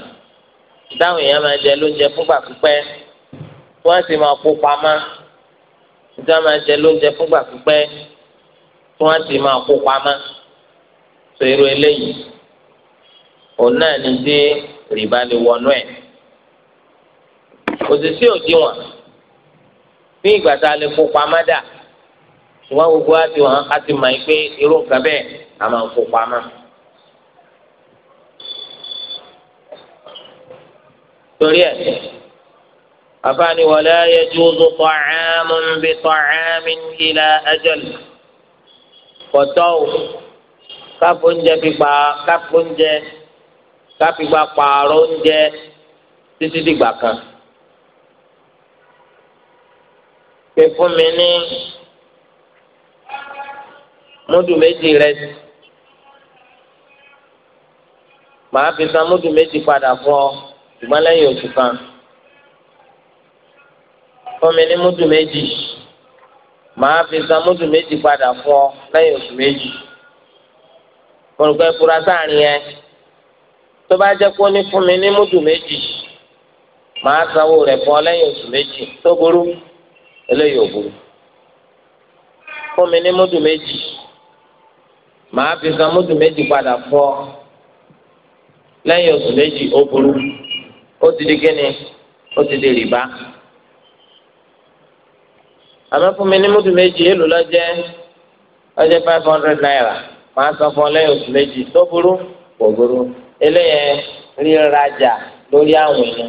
táwọn èèyàn máa jẹ lóúnjẹ fúngbà pípẹ́ wọn sì máa kó pamọ́ níta máa jẹ lóúnjẹ fúngbà pípẹ́ wọn sì máa kó pamọ́ tó irú eléyìí òun náà ní dé rìbá lè wọnú ẹ òṣìṣẹ́ òdiwọ̀n ní ìgbà tá a lè kó pamọ́ dà ṣùgbọ́n gbogbo wa ti á ti mọ̀ ẹ́ pé irú nǹkan bẹ́ẹ̀ a máa kó pamọ́. torí ẹ̀ afaani wala yajuzu ta'amun bi ta'amin ila ajal kọtọ o káfó oúnjẹ pípa káfó oúnjẹ káfípa pààrọ̀ oúnjẹ títí dìgbà kan pé fún mi ní múdù méjì ìrẹsì màá fi san múdù méjì padà fún ọ ṣùgbọ́n lẹ́yìn oṣù kan fún mi ní múdù méjì màá fi san múdù méjì padà fún ọ lẹ́yìn oṣù méjì kọ̀ọ̀kan ìkura sáàrin yẹn tó bá jẹ́ kó ní fún mi ní múdù méjì màá sanwó rẹ̀ fún ọ lẹ́yìn oṣù méjì tó burú eléyìí ò burú fún mi ní múdù méjì màá fi san múdù méjì padà fún ọ lẹ́yìn oṣù méjì ó burú ó ti di kíni ó ti di rìbá àmọ́ fún mi ní múdù méjì èlò lọ́jẹ́ lọ́jẹ́ five hundred naira màá san fún ọ lẹ́yìn oṣù méjì tó burú kò burú eléyẹn rírajà lórí àwìn ni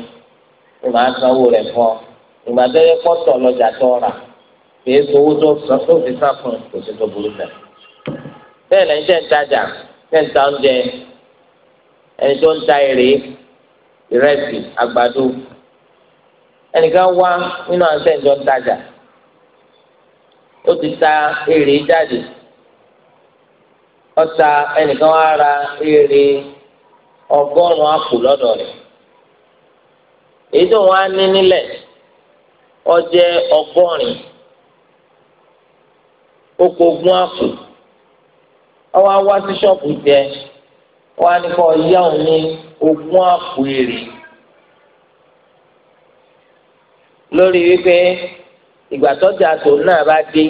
ni màá san owó rẹ̀ fún ọ ìgbà tó yẹ pọ́tọ̀ lọ́jà tó rà kìí sowó tó san tó fi san fún kò sí tó burú bẹ́ẹ̀. bẹ́ẹ̀ lẹ́yìn tẹ́ ń tajà tẹ́ ń ta oúnjẹ ẹni tó ń ta èrè ìrẹsì àgbàdo ẹnìkan wá nínú àtẹ̀jọ tajà ó ti ta èrè jáde ọta ẹnìkan wá ra èrè ọgọ́rùn-ún àpò lọ́dọ̀ rẹ̀ èyí tó wọn á ní nílẹ̀ jẹ. wọn á ní kọ́ yá òun ní ogún àpò èrè lórí wípé ìgbà tọ́jà tòun náà bá dé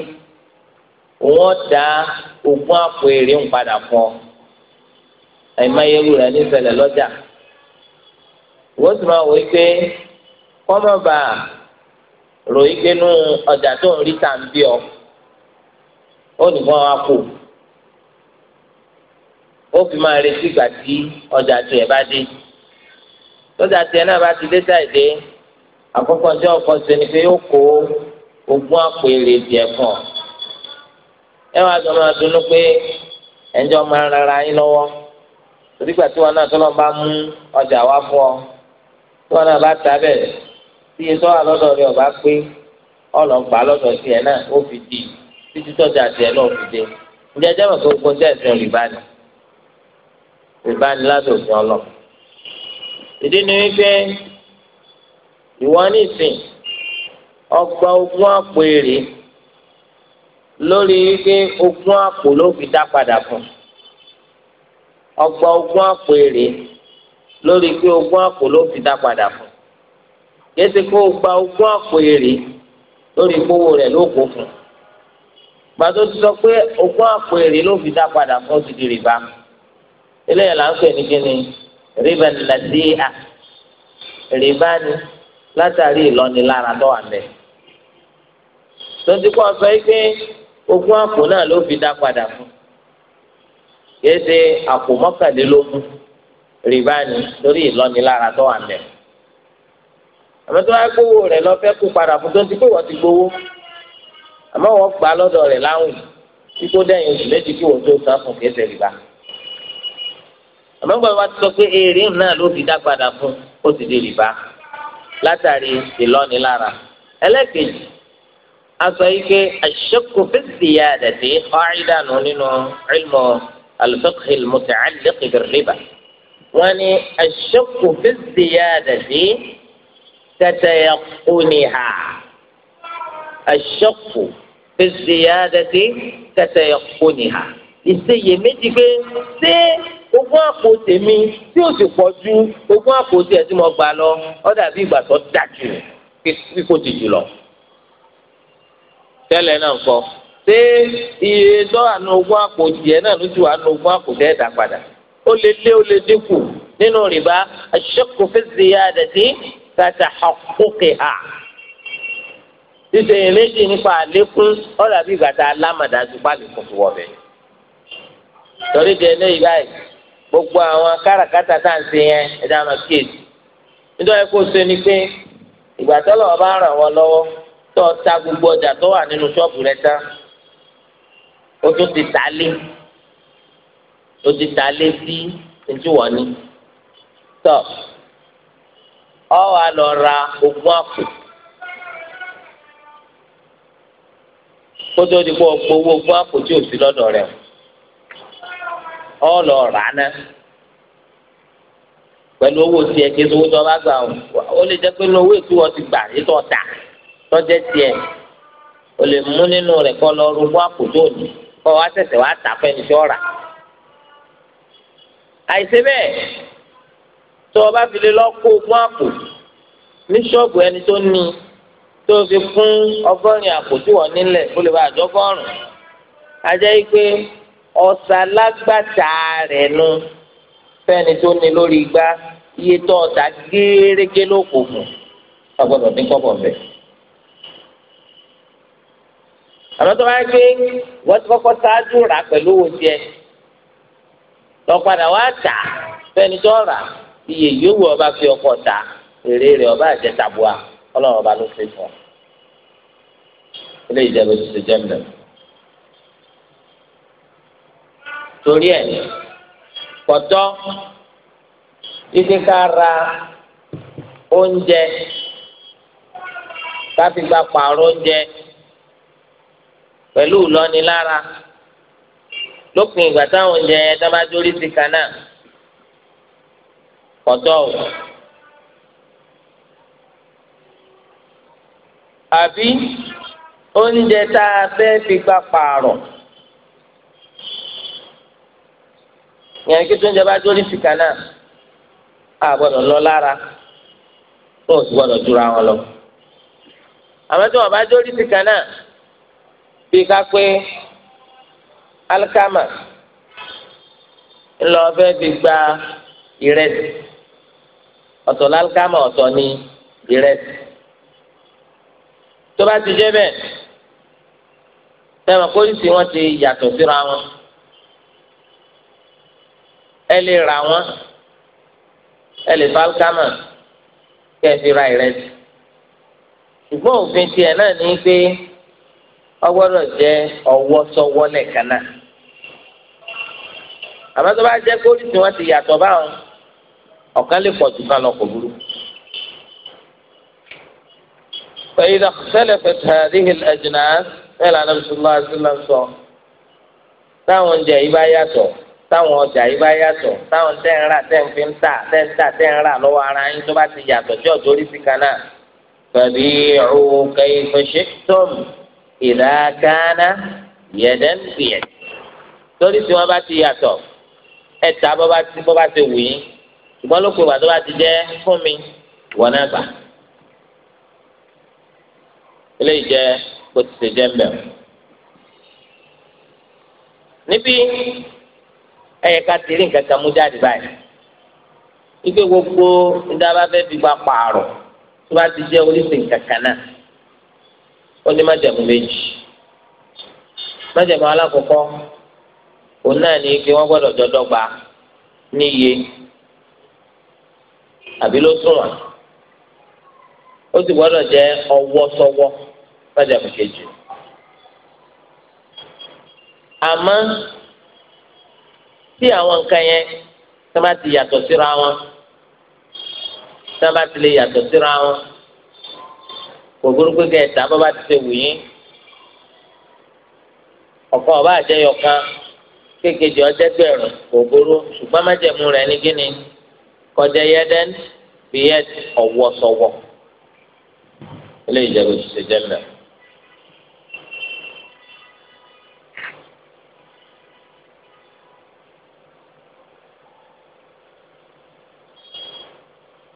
wọ́n da ogún àpò èrè ń padà fún ọ àìmáyélu rẹ̀ ní lọ́jà wọ́n sì máa wọ pé kọ́mọ̀bà ròyìn pé nú ọjà tó ń rí tàǹbí ọ ó nìkan wá kù ó fi máa retí ìgbà tí ọjà tiẹ̀ bá dé tọ́jà tiẹ̀ náà bá ti dé sáìdé àkọ́kọ́ tí ọkọ̀ ṣe ni pé yóò kó ogún àpò èrè tiẹ̀ fún ọ ẹ wàá jọ máa dunnú pé ẹnjọ́ máa ń rara yín lọ́wọ́ torí gbà tí wọn náà tọ́lọ́ bá mú ọjà wá fún ọ tí wọn náà bá ta bẹ́ẹ̀ tí iye tó lọ́dọ̀ rẹ ọba pé ọlọ́gbà lọ́dọ̀ tiẹ̀ náà ó fi di títí tọ́jà tiẹ̀ náà fi dé ǹjẹ́ mọ̀ pé gbogbo jẹ́ ìfẹ́ òrìbá ni ìbániládòfin ọlọ ìdí ni wípé ìwọ nísìn ọgbà ogún àpò èrè lórí wípé ogún àpò ló fi dá padà fún ọgbà ogún àpò èrè lórí pé ogún àpò ló fi dá padà fún yéésì kó o gba ogún àpò èrè lórí ìkówó rẹ ló kó fún gbàdó ti sọ pé ogún àpò èrè ló fi dá padà fún ti di rìbá eléyìí là ń pè ní kíni rìbá nàdíà rìbá ni látàrí ìlọ́nilára tó wà mẹ́. tontikọ́ sọ pé ogún àpò náà ló fi dá padà fún kìí ṣe àpò mọ́kànlélógún rìbá ni lórí ìlọ́nilára tó wà mẹ́. àmọ́ tó wáá gbowó rẹ̀ lọ fẹ́ kú padà fún tontikọ́ wọ́n ti gbowó àmọ́ wọ́n gbà lọ́dọ̀ rẹ̀ láwìn tí dẹ́yìn oṣù méjì kí wọ́n tó sá fún kìí rìbá àmọ́gbà wa ti sọ pé èrè náà ló fi dá padà fún ó ti di rìbá látàrí ìlọ́nilára ẹlẹ́kejì aṣọ ike aṣọ́kù fẹ́sìyà àdàdé ọ̀rìndànù nínú ilmọ̀ alùsọ́kìl mùtàcálẹ́kì rìbá wọ́n ní aṣọ́kù fẹ́sìyà àdàdé tẹ̀tẹ̀yà kúnìhà aṣọ́kù fẹ́sìyà àdàdé tẹ̀tẹ̀yà kúnìhà ìṣèyẹ méjì pé ṣé ogún àpò tèmi tí ó sì pọ̀ ju ogún àpò tiẹ̀ tí mo gbà lọ ó dàbí ìgbà tó dájú kíkó ti jù lọ. tẹ́lẹ̀ náà kọ́ ṣé iye dọ́là nu ogún àpò tiẹ̀ náà ló ti wà nu ogún àpò tẹ́ dà padà ó lè lé ó lè dínkù nínú rìbá aṣọ́kù fèsì àdàtì tàtà àkókè hà. ṣíṣe ìrèjì nípa àlékún ó dàbí ìgbà tá a lámàdájú pálí kò fi wọ̀ bẹ́ẹ̀. torí di ẹlẹ́yìí báyìí gbogbo àwọn káràkátà tá à ń ṣe yẹn ẹ̀dá máa kíyèsí nítorí kó ṣe ni pé ìgbà tọ́lọ̀ ọba ń ràn wọ́n lọ́wọ́ tó o ta gbogbo ọjà tó wà nínú ṣọ́ọ̀bù rẹ tán o tún ti tà á lé o ti tà á lé sí ojú wọn ni tọ́ ọ wà lọ ra ogún àpò kótó ti kó o gbowó ogún àpò tí o sí lọ́dọ̀ rẹ̀ o ọlọ ràánà pẹ̀lú owó tiẹ̀ kí owó tó bá gbà ó lè jẹ́ pé owó ètò ọtí gbà ètò ọ̀tà tọ́jẹ́ tiẹ̀ o lè mú nínú rẹ̀ kọ́ lọ rúgbó àpòtó òní kọ́ wa ṣẹ̀ṣẹ̀ wá tà fẹ́ni tí ó rà àìsí bẹ́ẹ̀ tó o bá fi lè lọ kó ogún àpò ní ṣọ́ọ̀bù ẹni tó ní tó fi kún ọgọ́rin àpò tí wọ́n nílẹ̀ ó lè bá àjọgọ́rùn-ún ajẹ́ pé ọ̀sà lágbàtà rẹ̀ nu fẹ́ni tó ní lórí igbá iye tó ọ̀tà gẹ́gẹ́ ló kò mọ̀ ọgbọ́dọ̀ ní kọ́bọ̀ bẹ̀. àmọ́ tó bá gbé wọ́n ti kọ́kọ́ ṣáájú rà pẹ̀lú owó tiẹ̀ lọ́padà wá tà fẹ́ni tó rà iye yòówù ọba fi ọkọ̀ tà èrè rẹ̀ ọba àjẹ tàbúà ọlọ́run ọba ló ṣe fún ọ. ilé ìjẹun ti ṣe jẹ́ mìíràn. torí ẹ̀ pọ̀tọ́ ibi ká ra oúnjẹ káfí gba pààrọ̀ oúnjẹ pẹ̀lú ìlọ́nilára lópin ìgbà táwọn oúnjẹ yẹn tá bá dórí sí kan náà o. àbí oúnjẹ tá a fẹ́ fi gba pààrọ̀. yẹn kí tó ń jẹba dórí fìkà náà a gbọ́dọ̀ lọ lára tó o sì gbọ́dọ̀ dúra wọn lọ àmọ́ tí wọn bá dórí fìkà náà bí ká pé alikama ńlọ fẹ́ fi gba ìrẹsì ọ̀tọ̀ lálùkámà ọ̀tọ̀ ní ìrẹsì tó bá ti jẹ́ bẹ́ẹ̀ tẹmọ kórìsì wọn ti yàtọ̀ síra wọn ẹ lè rà wọ́n ẹ lè fa alkama kẹ́ ẹ fi ra ìrẹsì ṣùgbọ́n òfin tiẹ̀ náà ní pé ọgbọ́dọ̀ jẹ́ ọwọ́ sọ́wọ́ lẹ́ẹ̀kan náà àmọ́ tó bá jẹ́ pé oríṣi wọn ti yàtọ̀ báwọn ọ̀kan lè pọ̀ jù lọ kò burú. فإذا اختلفت هذه الأجناس قال النبي صلى الله عليه وسلم táwọn oúnjẹ yìí bá táwọn ọjà yìí bá yàtọ̀ táwọn tẹ́ ń rà tẹ́ ń fi ń tà tẹ́ ń tà tẹ́ ń rà lọ́wọ́ ara yín tó bá ti yàtọ̀ tí ọ̀dọ́ orí sí kan náà. fẹ̀bí ọ̀hún kẹ́yìn fẹ̀ṣẹ̀ tọ́m ìdákaná yẹ̀dẹ́n bìẹ̀. torí tí wọ́n bá ti yàtọ̀ ẹ̀ tà bọ́ bá ti bọ́ bá ti wù yín ṣùgbọ́n ló pe bàtọ́ bá ti jẹ́ fún mi wọ́n náà gbà. eléyìí jẹ́ bó ti ṣe jẹ́ mbẹ̀. níbí ẹ̀yẹ ká tẹ̀lé nǹkan kan mú jáde báyìí ike gbogbo ndaba fẹ́ fi gba pààrọ̀ tó bá ti jẹ́ oríṣi nǹkan kan náà ó ní májàmú méjì májàmú alákọ̀ọ́kọ́ òun náà ní ike wọ́n gbọ́dọ̀ jọ dọ́gba níye àbí ló sunwọ̀n ó sì gbọ́dọ̀ jẹ́ ọwọ́ sọ́wọ́ májàmú kejì àmọ́ tí àwọn nǹkan yẹn tí wọ́n bá ti yàtọ̀ síra wọn tí wọ́n bá ti lè yàtọ̀ síra wọn kò burúkú kẹta bó bá ti ṣe wù yín ọ̀kan ọba àjẹyọ kan kékejì ọ̀ọ́dẹ́gbẹ̀rún kò burú ṣùgbọ́n májẹ̀mú rẹ̀ ní gíní kọjá yẹ́dẹ́n bíyẹ́d ọ̀wọ́sọ̀wọ́ ilé ìjẹ́bù ti ṣe jẹ́ mẹ́rin.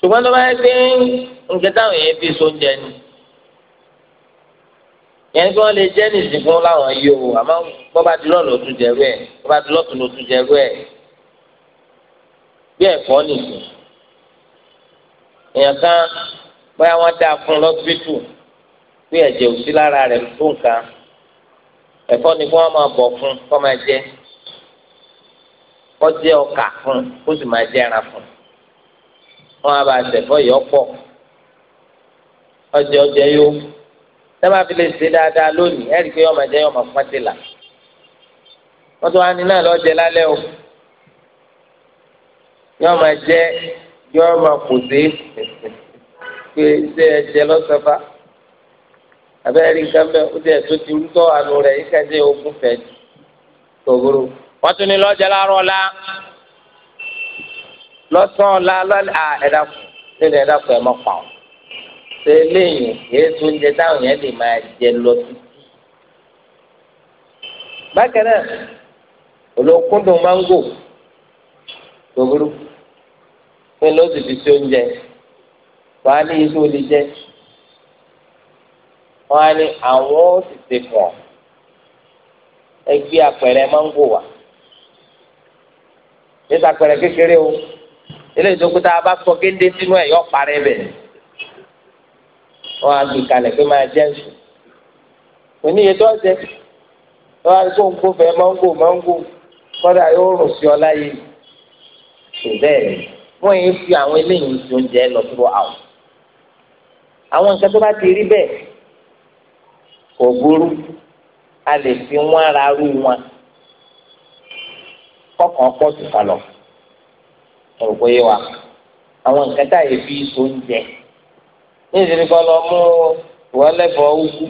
ṣùgbọ́n tó bá yẹ pé nǹkan táwọn yẹn fi so jẹ ni yẹn kí wọ́n lè jẹ́ ní ìsìnkú láwọn yìí o àmọ́ bọ́ bá dúró ló tún jẹ́ rẹ̀ bọ́ bá dúró tún ló tún jẹ́ rẹ̀ bí ẹ̀fọ́ nìsín èèyàn kan bóyá wọ́n dáa fún un lọ́sibítù pé ẹ̀jẹ̀ ò sí lára rẹ̀ tó nǹkan ẹ̀fọ́ ni kí wọ́n máa bọ̀ fún kó máa jẹ kó jẹ ọkà fún kó sì máa jẹ ẹran fún un wọn á bá tẹ̀fọ́ yìí ọ̀pọ̀ ọjọ́ ọjọ́ yó sábà fi lè ṣe dáadáa lónìí ẹ̀rí pé ọmọ jẹ́ ọmọ pátì là wọ́n tún wá ní náà lọ́jẹ́ lálẹ́ o yọ ọmọ jẹ́ yọ ọmọ kò dé pé ṣé ẹ jẹ lọ́sọ̀fà abẹ́rẹ́ nǹkan bẹ́ẹ̀ ó jẹ́ tó ti rútọ́ àánú rẹ̀ yíká jẹ́ ogún fẹ́ẹ́ tó burú tún ní lọ́jẹ́ lárọ́ la lọ́sàn-án ọ̀la lọ́la à ẹ̀dá fún lẹ́lẹ̀ ẹ̀dá ẹ̀ mọ́ pa ṣé eléyìí èso oúnjẹ táwọn yẹn lè máa jẹ lọ títí. bákan náà olókùndùn máńgò gbogbo pé lọ́sì fi ṣe oúnjẹ wọ́n á ní iṣẹ́ olè wọ́n á ní àwọn ó sì ẹgbẹ́ àpẹẹrẹ máńgò wà. ní sàpẹẹrẹ kékeré o eléyìí tó kú tá a bá sọ géńdé sínú ẹ̀ yọ parẹ́ bẹ̀ wọ́n á gbé kalẹ̀ pé máa jẹ́ nsù oníyè tó ọ̀jẹ̀ wọ́n á gbó ńgbó bẹ́ẹ̀ mọ́ngò mọ́ngò kọ́dà yóò rùn sí ọ láyé kò bẹ́ẹ̀ ni wọ́n yẹn fi àwọn eléyìí tó ń jẹ́ lọ through out àwọn nǹkan tó bá ti rí bẹ́ẹ̀ kò burú a lè fi wọ́n ara rú wọn kọ́kàn pọ̀ jù kálọ̀ ẹ̀rù kò yé wa àwọn nǹkan tá a yẹ fi so ń jẹ ní ìdílé kọ́ lọ mú ìwọ lẹ́fọ̀ọ́ wúkú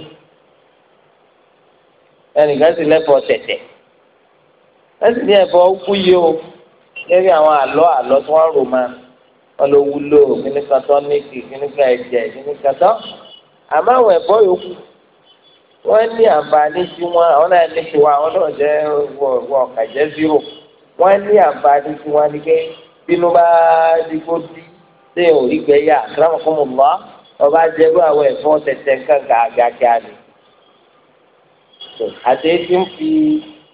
ẹnìkan sì lẹ́fọ̀ọ́ tẹ̀tẹ̀ ẹsì ní ẹ̀fọ́ kú yìí o lórí àwọn àlọ́ àlọ́ tí wọ́n rò máa wọ́n lọ wúlò kíníkà tọ́níkì kíníkà ẹ̀jẹ̀ kíníkà tọ́ àmọ́ àwọn ẹ̀fọ́ yòókù wọ́n ní àǹfààní sí wọn àwọn náà ní tiwa àwọn náà jẹ́ wọ ọ̀kà jẹ́ zero wọ́n ní àǹfààní sí wọn ní kéé bínú bá dìgbò sí ṣé ò rí gbẹ yá àkàràmọ fún mi mọ ọba jẹgbẹ àwọn ẹfọ tẹtẹ nǹkan gàgàgà ni àti etí ń fi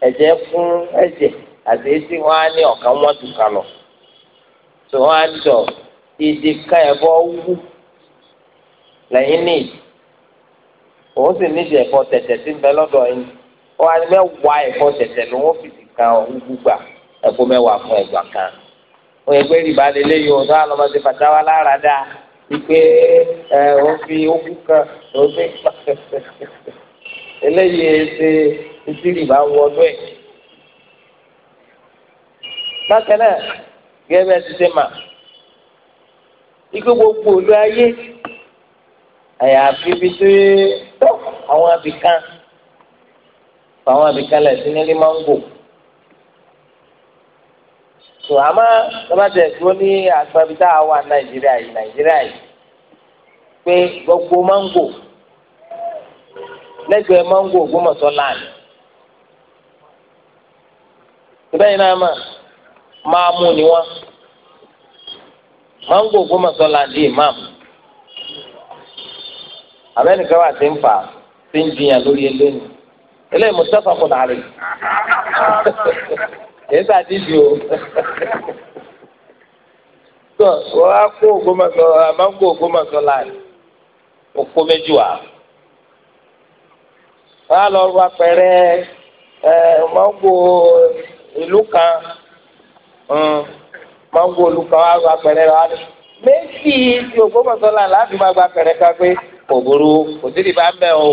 ẹ̀jẹ̀ fún ẹ̀jẹ̀ àti etí wọn á ní ọkàn wọn tún kà lọ tó wọn á tọ ìdí ká ẹbọ wú lẹ́yìn ní òun sì níbi ẹfọ tẹtẹ tí ń bẹ lọ́dọ̀ yìí wọn á ní mẹ́wàá ẹfọ tẹtẹ ló wọn fìdí kan wú gbà ẹkọ mẹ́wàá fún ẹgbà kan òun ẹgbẹ́ rìbá lélẹ́ yìí òun tó wà lọ́mọdé fàtàwà lára dá ìpè ẹ òun fi ókú kan òun fi pa eléyìí ṣe ìtì rìbá wọnú ẹ̀. bákan náà gẹ́gẹ́ bẹ́ẹ̀ ti ṣe mà ikú gbogbo olú ayé àyàfi ibi tó tó àwọn abìkan àwọn abìkan lẹ̀ nílé máńgò tó àmọ́ lọ́bàtẹ̀ tó ní àgbàbíta wà nàìjíríà yìí nàìjíríà yìí pé gbogbo máńgò lẹ́gbẹ̀ẹ́ máńgò Ògbómọ̀ṣọ́ láàánú síbẹ̀ yìí náà máa mú ni wọ́n Mango Ògbómọ̀ṣọ́ láàánú yìí máa mú abẹ́nìkan wà sí ń fà sí ń jiyàn lórí eléyìí eléyìí Mustafa kò dàrí. èyí sàdídì o tó wọ́n á kó Ògbómọ̀ṣọ́ àmọ́ kó Ògbómọ̀ṣọ́ láàyè òkú méjì wá wọ́n á lọ ru apẹ̀rẹ̀ ẹ̀ mọ́ngò ìlú kan mọ́ngò hmm, ìlú kan wọ́n á ru apẹ̀rẹ̀ rẹ̀ wá ní méjì tí Ògbómọ̀ṣọ́ láàyè láti máa gba apẹ̀rẹ̀ kan pé kò burú kò sí ìdìbò àmẹ́ o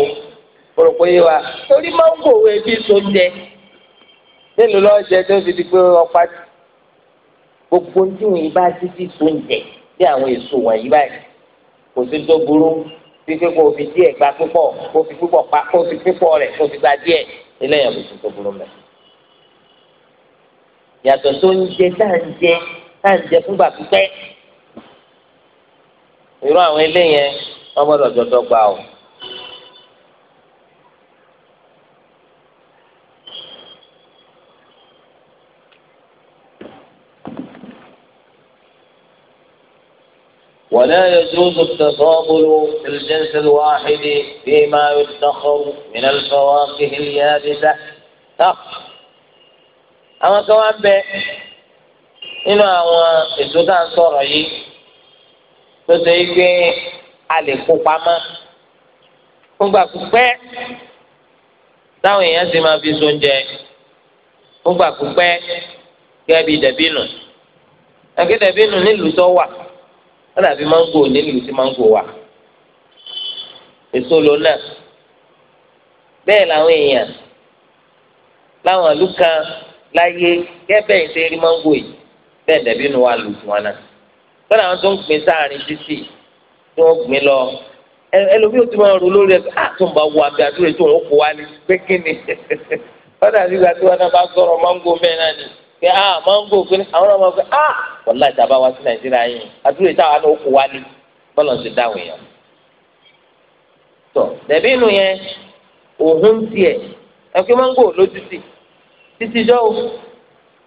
kò rò pé yé wa torí mọ́ngò wo ebi so jẹ nílùú lọ́ọ́ jẹ tó fi di pé ọ̀pá gbogbo tí wọn bá ti ti so ń jẹ bí àwọn èso wọ̀nyí báyìí kò sí tó burú fífi kò fi díẹ̀ gba púpọ̀ kò fi púpọ̀ pa kò fi púpọ̀ rẹ̀ kò fi gba díẹ̀ eléyà kò sí tó burú mẹ́. yàtọ̀ tó ń jẹ tá à ń jẹ tá à ń jẹ fúngbà pípẹ́ irú àwọn eléyẹn wọ́n gbọ́dọ̀ jọjọ gba ọ̀. ولا يجوز التفاضل في الجنس الواحد فيما يدخر من الفواكه اليابسة àwọn kan wá bẹ nínú àwọn èso tá à ń sọ̀rọ̀ yìí tó ṣe é gbé a lè kó pamọ́ fúngbà pípẹ́ táwọn èèyàn sì máa fi sóúnjẹ fúngbà pípẹ́ gẹ́gẹ́ bí dẹ̀bínù ẹ̀gẹ́ dẹ̀bínù nílùú tó wà wọn dàbí máńgò nílùú tí máńgò wà èso ló náà bẹ́ẹ̀ làwọn èèyàn láwọn ìlú kan láyé kẹ́bẹ́ yìí ṣe rí máńgò yìí bẹ́ẹ̀ dẹ̀bí nu wa lù wọn náà tọ́lá àwọn tó ń gbin sáàrin títì tí wọ́n gbin lọ ẹlòmíì ó ti máa rò lórí ẹ̀ àtúnbà ah, wo àbí àdúrà tó ń kó wálé pé kí ni tọ́lá àti ìgbà náà bá sọ̀rọ̀ máńgò mẹ́ẹ̀ náà ni pé ah mango pé àwọn ọmọ pé ah wàlá ìtàbá wa sí nàìjíríà yìí àdúrà ìtàwọn náà ó kó wá ní bọ́lá ti dáhùn èèyàn. tọ dẹ̀bí inú yẹn òhun tiẹ̀ ẹ pé mango lójú sí títí jọ́ o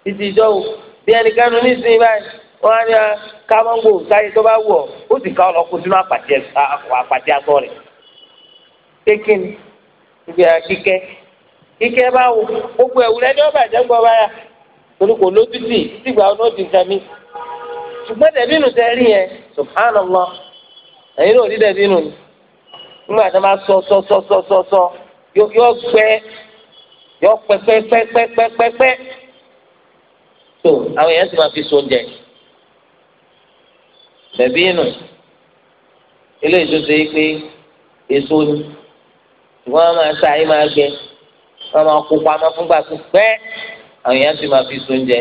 títí jọ́ o bí ẹnikẹ́ni nísìnyí báyìí wọ́n á ní ah, ká mango sáyé tó bá wù ọ́ ó sì ká ọlọ́kùn sínú àpàtì àgbọ̀ rẹ̀ kékeré ìgbéra kíkẹ́ kíkẹ́ báwo gbogbo ẹ̀wù rẹ̀ ní ọ̀bàjẹ́ gbọ́ báyà torí kò lójútì sígbà ọ̀nà òdì sami ṣùgbọ́n dẹ̀bí nù tẹ́ rí yẹn subhanallah ẹ̀yin náà rí dẹ̀bí nù ni nígbà tí a máa sọ sọ sọ sọ sọ sọ yóò gbẹ yóò pẹ pẹ pẹ pẹ pẹ pẹ pẹ tó àwọn èèyàn sì máa fi so oúnjẹ dẹ̀bí nù eléyìí tó ṣe é pé èso ni wọ́n máa ṣe àyè máa gbẹ wọ́n máa kó pamọ́ fúngbà tó pẹ́ àwọn èèyàn ti máa fi so oúnjẹ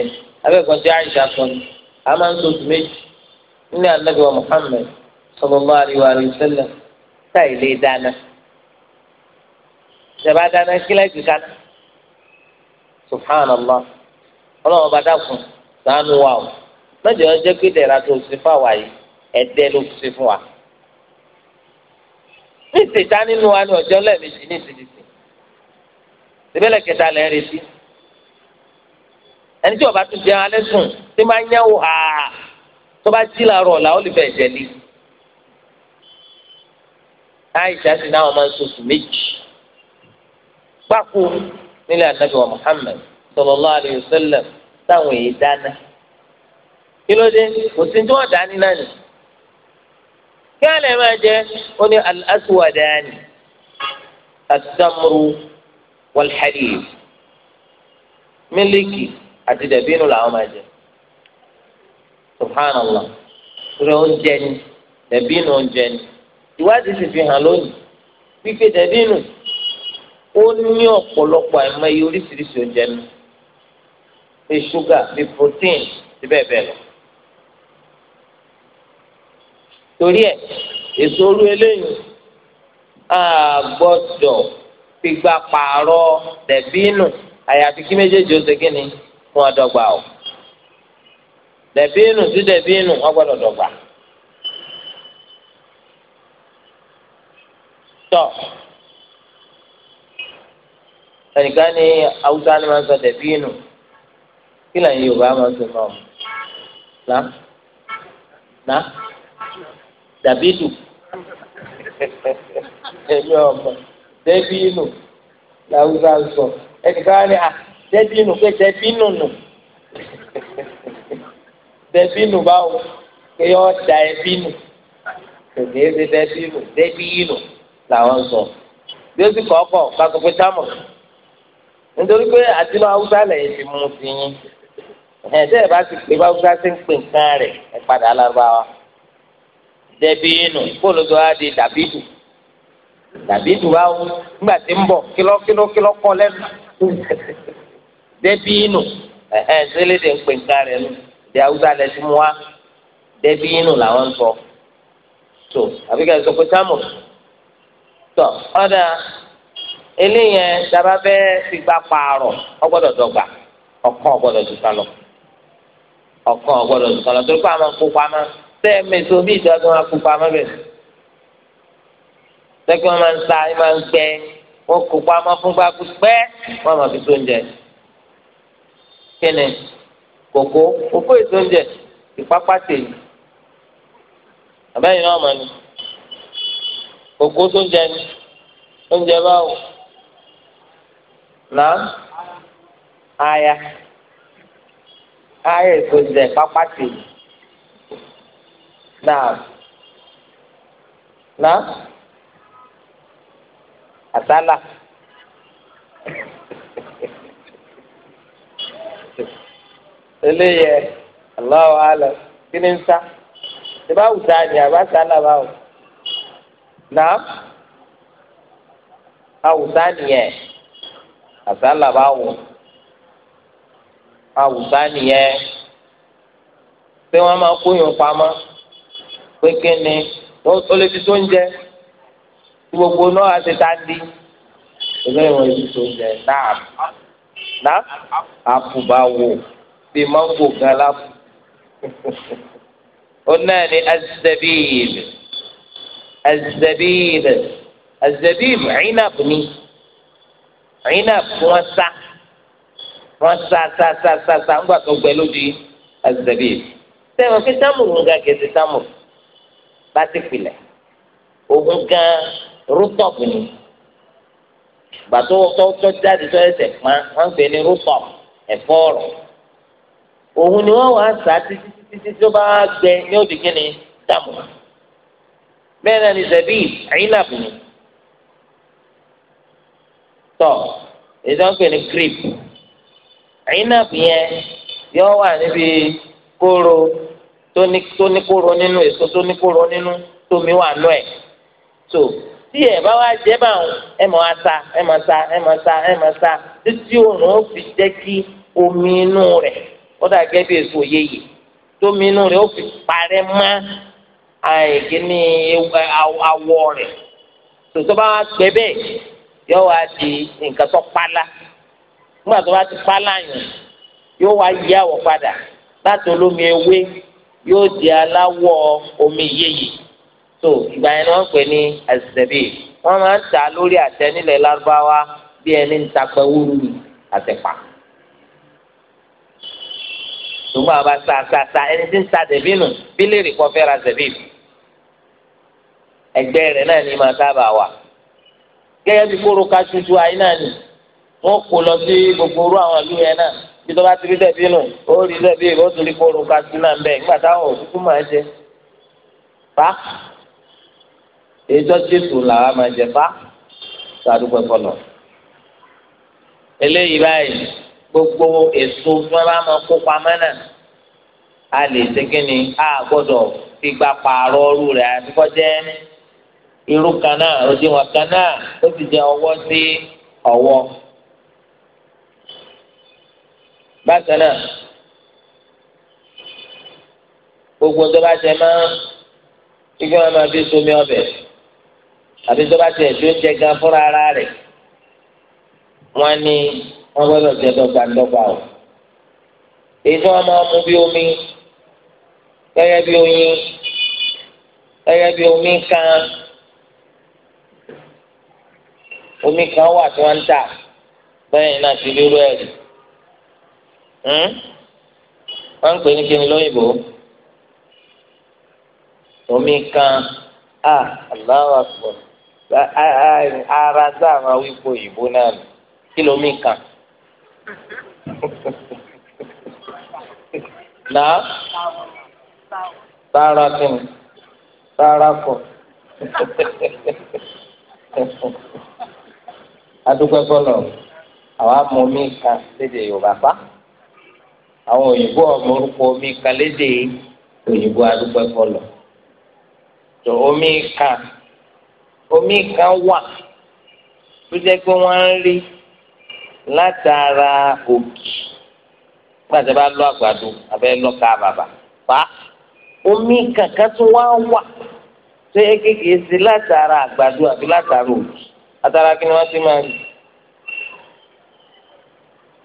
abẹ́ẹ̀kan tí àìsà sọ ni a máa ń sọ̀tù méjì nínú ànábì wa Muhammad sallallahu alaihi wa sallam táì lè dáná ìjọba dáná kílẹ̀kì kaná subhanallah ọlọ́run bá dákun sànù wa o mẹ́jọ jẹ́ pé dẹ̀ra tó ṣe fún àwa yìí ẹ̀dẹ́ ló ṣe fún wa ní ìsìta nínú wa ní ọjọ́ lẹ́ẹ̀mejì ní ìsìtìsì ìbẹ̀lẹ̀ kẹta lẹ́ẹ̀rẹ́ sí ẹni tí ó bá tún jẹun alẹ́ sùn tí máa ń yẹwò àà tó bá jí làárọ̀ ọ̀la ó lè fẹ́ jẹ lé àìsà sì náà máa ń sọsù méjì gbáko nílẹ̀ ànábì wa Muhammad sallallahu alayhi táwọn èyí dáná kí ló dé kò sí tí wọ́n dání náà nì kí á lè máa jẹ ó ní al-aswadani as-samru wal mílíkì àti dẹ̀bínú làwọn máa jẹ subhanallah torí oúnjẹ ni dẹ̀bínú oúnjẹ ni ìwádìí sì fi hàn lónìí wípé dẹ̀bínú ó ní ọ̀pọ̀lọpọ̀ àìmọye oríṣiríṣi oúnjẹ ni bíi ṣúgà bíi protein ti bẹ́ẹ̀ bẹ́ẹ̀ lọ torí ẹ̀ èso orú eléyìí a gbọ́dọ̀ fi gba pààrọ̀ dẹ̀bínú àyàfi kí méjèèjì ó ṣe kí ni fún wọn dọ́gba o dẹbínú sí dẹbínú wọn gbọ́dọ̀ dọ́gba tọ ẹnìkan ní haúsá ni máa ń sọ dẹbínú kí lẹ́yìn yorùbá máa ń sọ náà na na dàbídù ẹ̀yọ́ ọmọ dẹbínú làwùjọ sọ ẹnìkan ní a. Ah, dẹ́bínú pé dẹ́bínú nù dẹ́bínú báwo pé yọ da ẹbínú kòkè é ṣe dẹ́bínú dẹ́bínú làwọn sọ bí ó sì kọ́ ọkọ̀ kásán pé dámọ̀ nítorí pé àtìlọ haúsá lẹ́yìn ti mú sí yín ẹ̀ẹ́dẹ́ ẹ̀ bá ti pè bá haúsá ṣe ń pè nǹkan rẹ̀ ẹ̀ padà lárúbáwá dẹ́bínú bóòlù tó wá di dàbídù dàbídù báwo nígbà tí ń bọ̀ kílọ́kílọ́kílọ́ kọ́ lẹ́nu dẹ́bìínù ẹ̀hẹ́ ṣẹlẹ́dẹ̀ ń pè nǹkan rẹ̀ nù ìdí haúsá lẹ ti mú wa dẹ́bìínù làwọn ń sọ tó àbíkẹ́ sọ pé támù tó ọ̀dà eléyẹn dábàá bẹ́ẹ̀ ti gbà pààrọ̀ ọgbọ́dọ̀ dọ́gba ọ̀kan ọgbọ́dọ̀ ti sálọ ọ̀kan ọgbọ́dọ̀ ti sálọ torí pé àwọn kó pamọ́ sẹ́ẹ̀mẹsọ bí ìjọba wọn kó pamọ́ bẹ̀ sẹ́kí wọn máa ń sa ẹ máa ń gbẹ wọn kó pamọ́ fún gbàgbọ́ pẹ́ wọn máa fi tó ń jẹ kẹnẹ kòkó kòkó èso oúnjẹ ìpápátẹ ni àbẹ́yìn náà mọ̀ ni kòkó sóúnjẹ ni oúnjẹ báwo náà aya aya èso oúnjẹ ìpápátẹ ni náà náà àsálà. eléyẹ aláwọ alẹ kí ni ń sá ìbá wùsà ni àbá sá làbá o nà awùsà nìyẹn àsá làbá wò awùsà nìyẹn pé wọn máa kóyún pamọ́ pé kí ni ó lè fi tó ń jẹ gbogbo náà á ti ta di ìlú ìwọ̀n ìlú tó ń jẹ náà náà àpùbá bíi mango gan lápò ó náà ní azabíìlì azabíìlì azabíìlì ìnàbù ni ìnàbù wọn sá wọn sá sá sá sá sá ńgbà tó gbẹ lójú azabíìlì sẹ́wọ̀n kí sámùrù ń ga kẹsì sámùrù bá ti pilẹ̀ ogun gan rútọ̀pù ni gbàtọ́ tó tó jáde tó ẹsẹ̀ pọ́n wọ́n gbé ní rútọ̀pù ẹ̀fọ́ ọ̀rọ̀ òun ni wọn wàá sá títí títí tó bá gbẹ ní òdì ni dàmú bẹ́ẹ̀ náà ni zẹbí àyínàbù ni tọ ìdánwò ní creep àyínàbù yẹn yọ wà níbi kóró tó ní kóró nínú èso tó ní kóró nínú tómi wà nú ẹ tó tí ẹ bá wá jẹ báwọn ẹ mọ ata ẹ mọ ata ẹ mọ ata ẹ mọ ata títí òun ó fi jẹ kí omi inú rẹ kódà gẹ́gẹ́ bí èso yéye tómi inú rẹ̀ ó fi parẹ́ mọ́ àìkíní awọ rẹ̀ tòtò bá wà pẹ́ bẹ́ẹ̀ yóò wá di nǹkan tó pálá nígbà tó bá ti pálá yàn yóò wá yí àwọ̀ padà láti olómi ewé yóò di aláwọ̀ omi yéye tó ìgbà yẹn ni wọ́n pè ní àṣẹbí wọ́n máa ń tà lórí àtẹ lárúbáwá bí ẹni ń ta pẹ́ wúru àtẹ̀pà ṣùgbọ́n àbá sa sa sa ẹni tí ń ta dẹ̀bí nù bí lè rí kọ́ fẹ́ ra dẹ̀bí ẹgbẹ́ rẹ̀ náà ni máa sábà wà gẹ́gẹ́ bí kóró ká tuntun ayé náà ni wọ́n kó lọ sí gbogbo orú àwọn ìlú yẹn náà bí tó bá ti rí dẹ̀bí nù ó rí dẹ̀bí ó tún rí kóró ká tuntun náà bẹ́ẹ̀ nígbà táwọn òkúkú máa jẹ fa ètò jésù làwọn máa jẹ fa sàdúpẹ́ fọlọ́ eléyìí báyìí gbogbo èso tí wọn bá máa kó pamọ́ náà a lè ṣe kí ni a gbọ́dọ̀ fi gba pààrọ̀ ọrú rẹ̀ àti kọ́ jẹ́ irú kan náà òdiwọ̀n kan náà ó ti jẹ ọwọ́ sí ọwọ́. bákan náà gbogbo tó bá jẹ máa kíkọ́ wọn máa fi somi ọbẹ̀ àbí tó bá jẹ tó ń jẹ gan fúnra ara rẹ̀ wọ́n ní wọ́n gbọ́dọ̀ jẹ́ dọ́gbandọ́gba o èyí tí wọ́n máa mú bí omi gẹ́gẹ́ bí oyin gẹ́gẹ́ bí omi kan omi kan wà tí wọ́n ń tà bẹ́ẹ̀ náà ti rírú ẹ̀ hmm? wọ́n ń pè ní kíni lóyìnbó omi kan ah, a aláwọ̀ àpò ara sáà máa wípé náà kí lomi kan náà sára kìnnì sára kọ adúgbò gbọlọ àwọn amọ mi ka lédè yorùbá pa àwọn òyìnbó ọmọ orúkọ mi ka lédè òyìnbó adúgbò gbọlọ tó omi ka omi ka wà tó jẹ pé wọn ń rí látara òkè gbàtẹ bá lọ àgbàdo abẹ lọ ká bàbà fa omi kankan tó wá wà tó yẹ kékeré sí látara àgbàdo àbí látara òkè látara kí ni wọn ti máa rí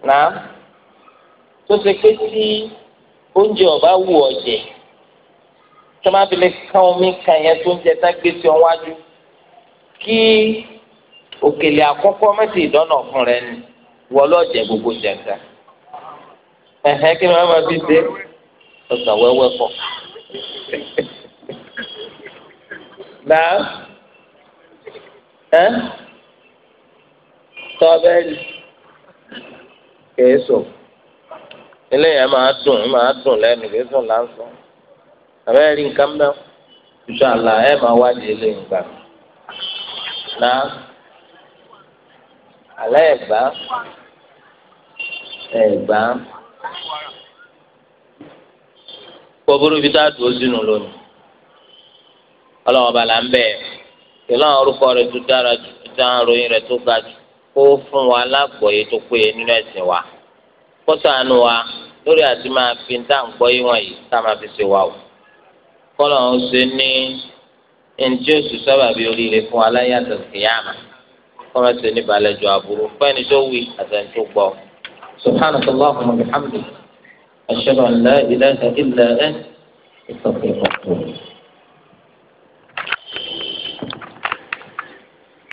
náà tó ṣe pé tí oúnjẹ ọba wù ọ tó má fi lè kán omi kan yẹn tó ń jẹ tá sí ọ kí òkèlè àkọ́kọ́ mẹ́tì ìdáná ọ̀fun ni wọ́n lọ jẹ gbogbo jẹ̀ǹkà ẹ̀hẹ́ kí wọ́n máa fi dé ọ̀sán wẹ́wẹ́ pọ̀ náà ẹ́ tọ́bẹ́lì kẹ́sọ̀ eléyà máa dùn máa dùn lẹ́nu kẹ́sọ̀ lásán àbẹ́rẹ́ nǹkan mẹ́wọ́ ìṣọ́ àlà ẹ̀ máa wá di eléyìí gbà náà alẹ́ ẹ̀gbá ẹ̀gbá kpọ́búrú bí tá a dùn ó sínú lónìí ọlọ́wọ́n bá la ń bẹ̀ ìlú àwọn orúkọ rẹ̀ tó dára jù tó dáhùn ròyìn rẹ̀ tó ga jù kó fún wa lágbọ̀ọ́yé tó péye nínú ẹ̀sìn wa kó ṣàánú wa lórí àti máa fi ń dáhùn gbọ́ yí wọ̀nyí tá a máa fi ṣe wa o kọ́lọ̀ ń ṣe ní ntí oṣù sábàbí oríire fún aláyàtọ̀ kìyàmà. kọ́má ṣe ní balẹ̀jọ àbúrò fẹ́ni tó wí àtẹni tó gbọ́. subhanaka allahumma wa bihamdika ashhadu an la ilaha illa anta astaghfiruka